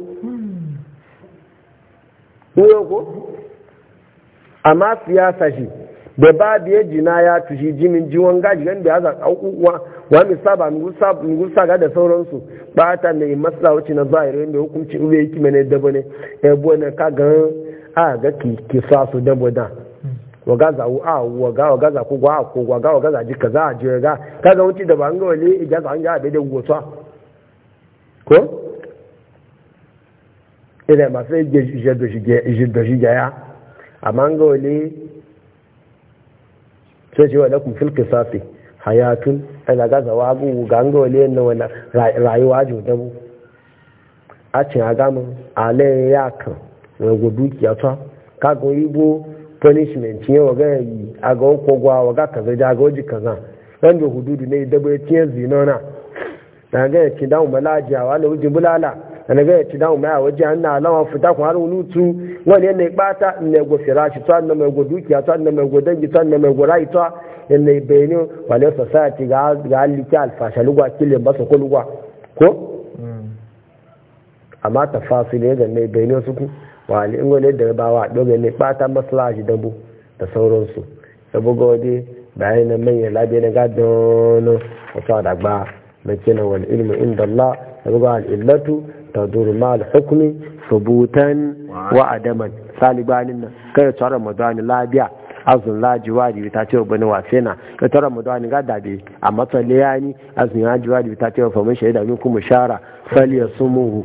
ko ko amma siyasa shi da ba biye jina ya tushi jimin jiwon gaji gan da za aukuwa wa mi saba mi gusa ga da sauransu mai ne maslahaci na zahirin da hukunci ube yake mene dabane ya buwa na ka gan a ga kisa su dabo da waga za a waga waga za kogwa a kogwa waga wa za ji kaza a jiya ga ka ga wuce da ba an ga wale ijaza an ga abin da gosa ko ina masu jirdoshi gaya amma an ga wale sai ce wa lakum fil kisasi hayatun ana gaza wagu ga an ga wale rayuwa wani rayuwa jodabo a cin agamin ya kan. rago dukiya ta kaga ibo punishment yin yi a ga kogwa waga kaza ja ga waji kaza ran da hududu ne dabai tiyan zinona na ga ya ci damu malajiyawa da wujin bulala na ga ya ci damu mai a waje an na alawa fita ku har wani yana ya bata na go firashi to na mai na mai na mai ya bayani ga alfasha lugwa kilin ko lugwa ko mm. amma ga wani in da da bawa dogon ne bata maslaha shi dabu da sauransu da bugode bayan nan manya labe na gadon wata da gba na kina wal ilmu inda Allah da buga al illatu ta duru ma al hukmi subutan wa adaman salibanin nan kai ta madani labiya azun lajiwari ta ce bani wasena ka ta gada ga dabe a matsaliya ni azun lajiwari ta ce fa mun shaida min kuma shara fal yasumuhu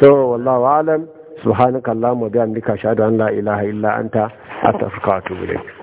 so wallahu alam subhanakallahumma wa bihamdika ashhadu an la ilaha illa anta astaghfiruka wa atubu ilayk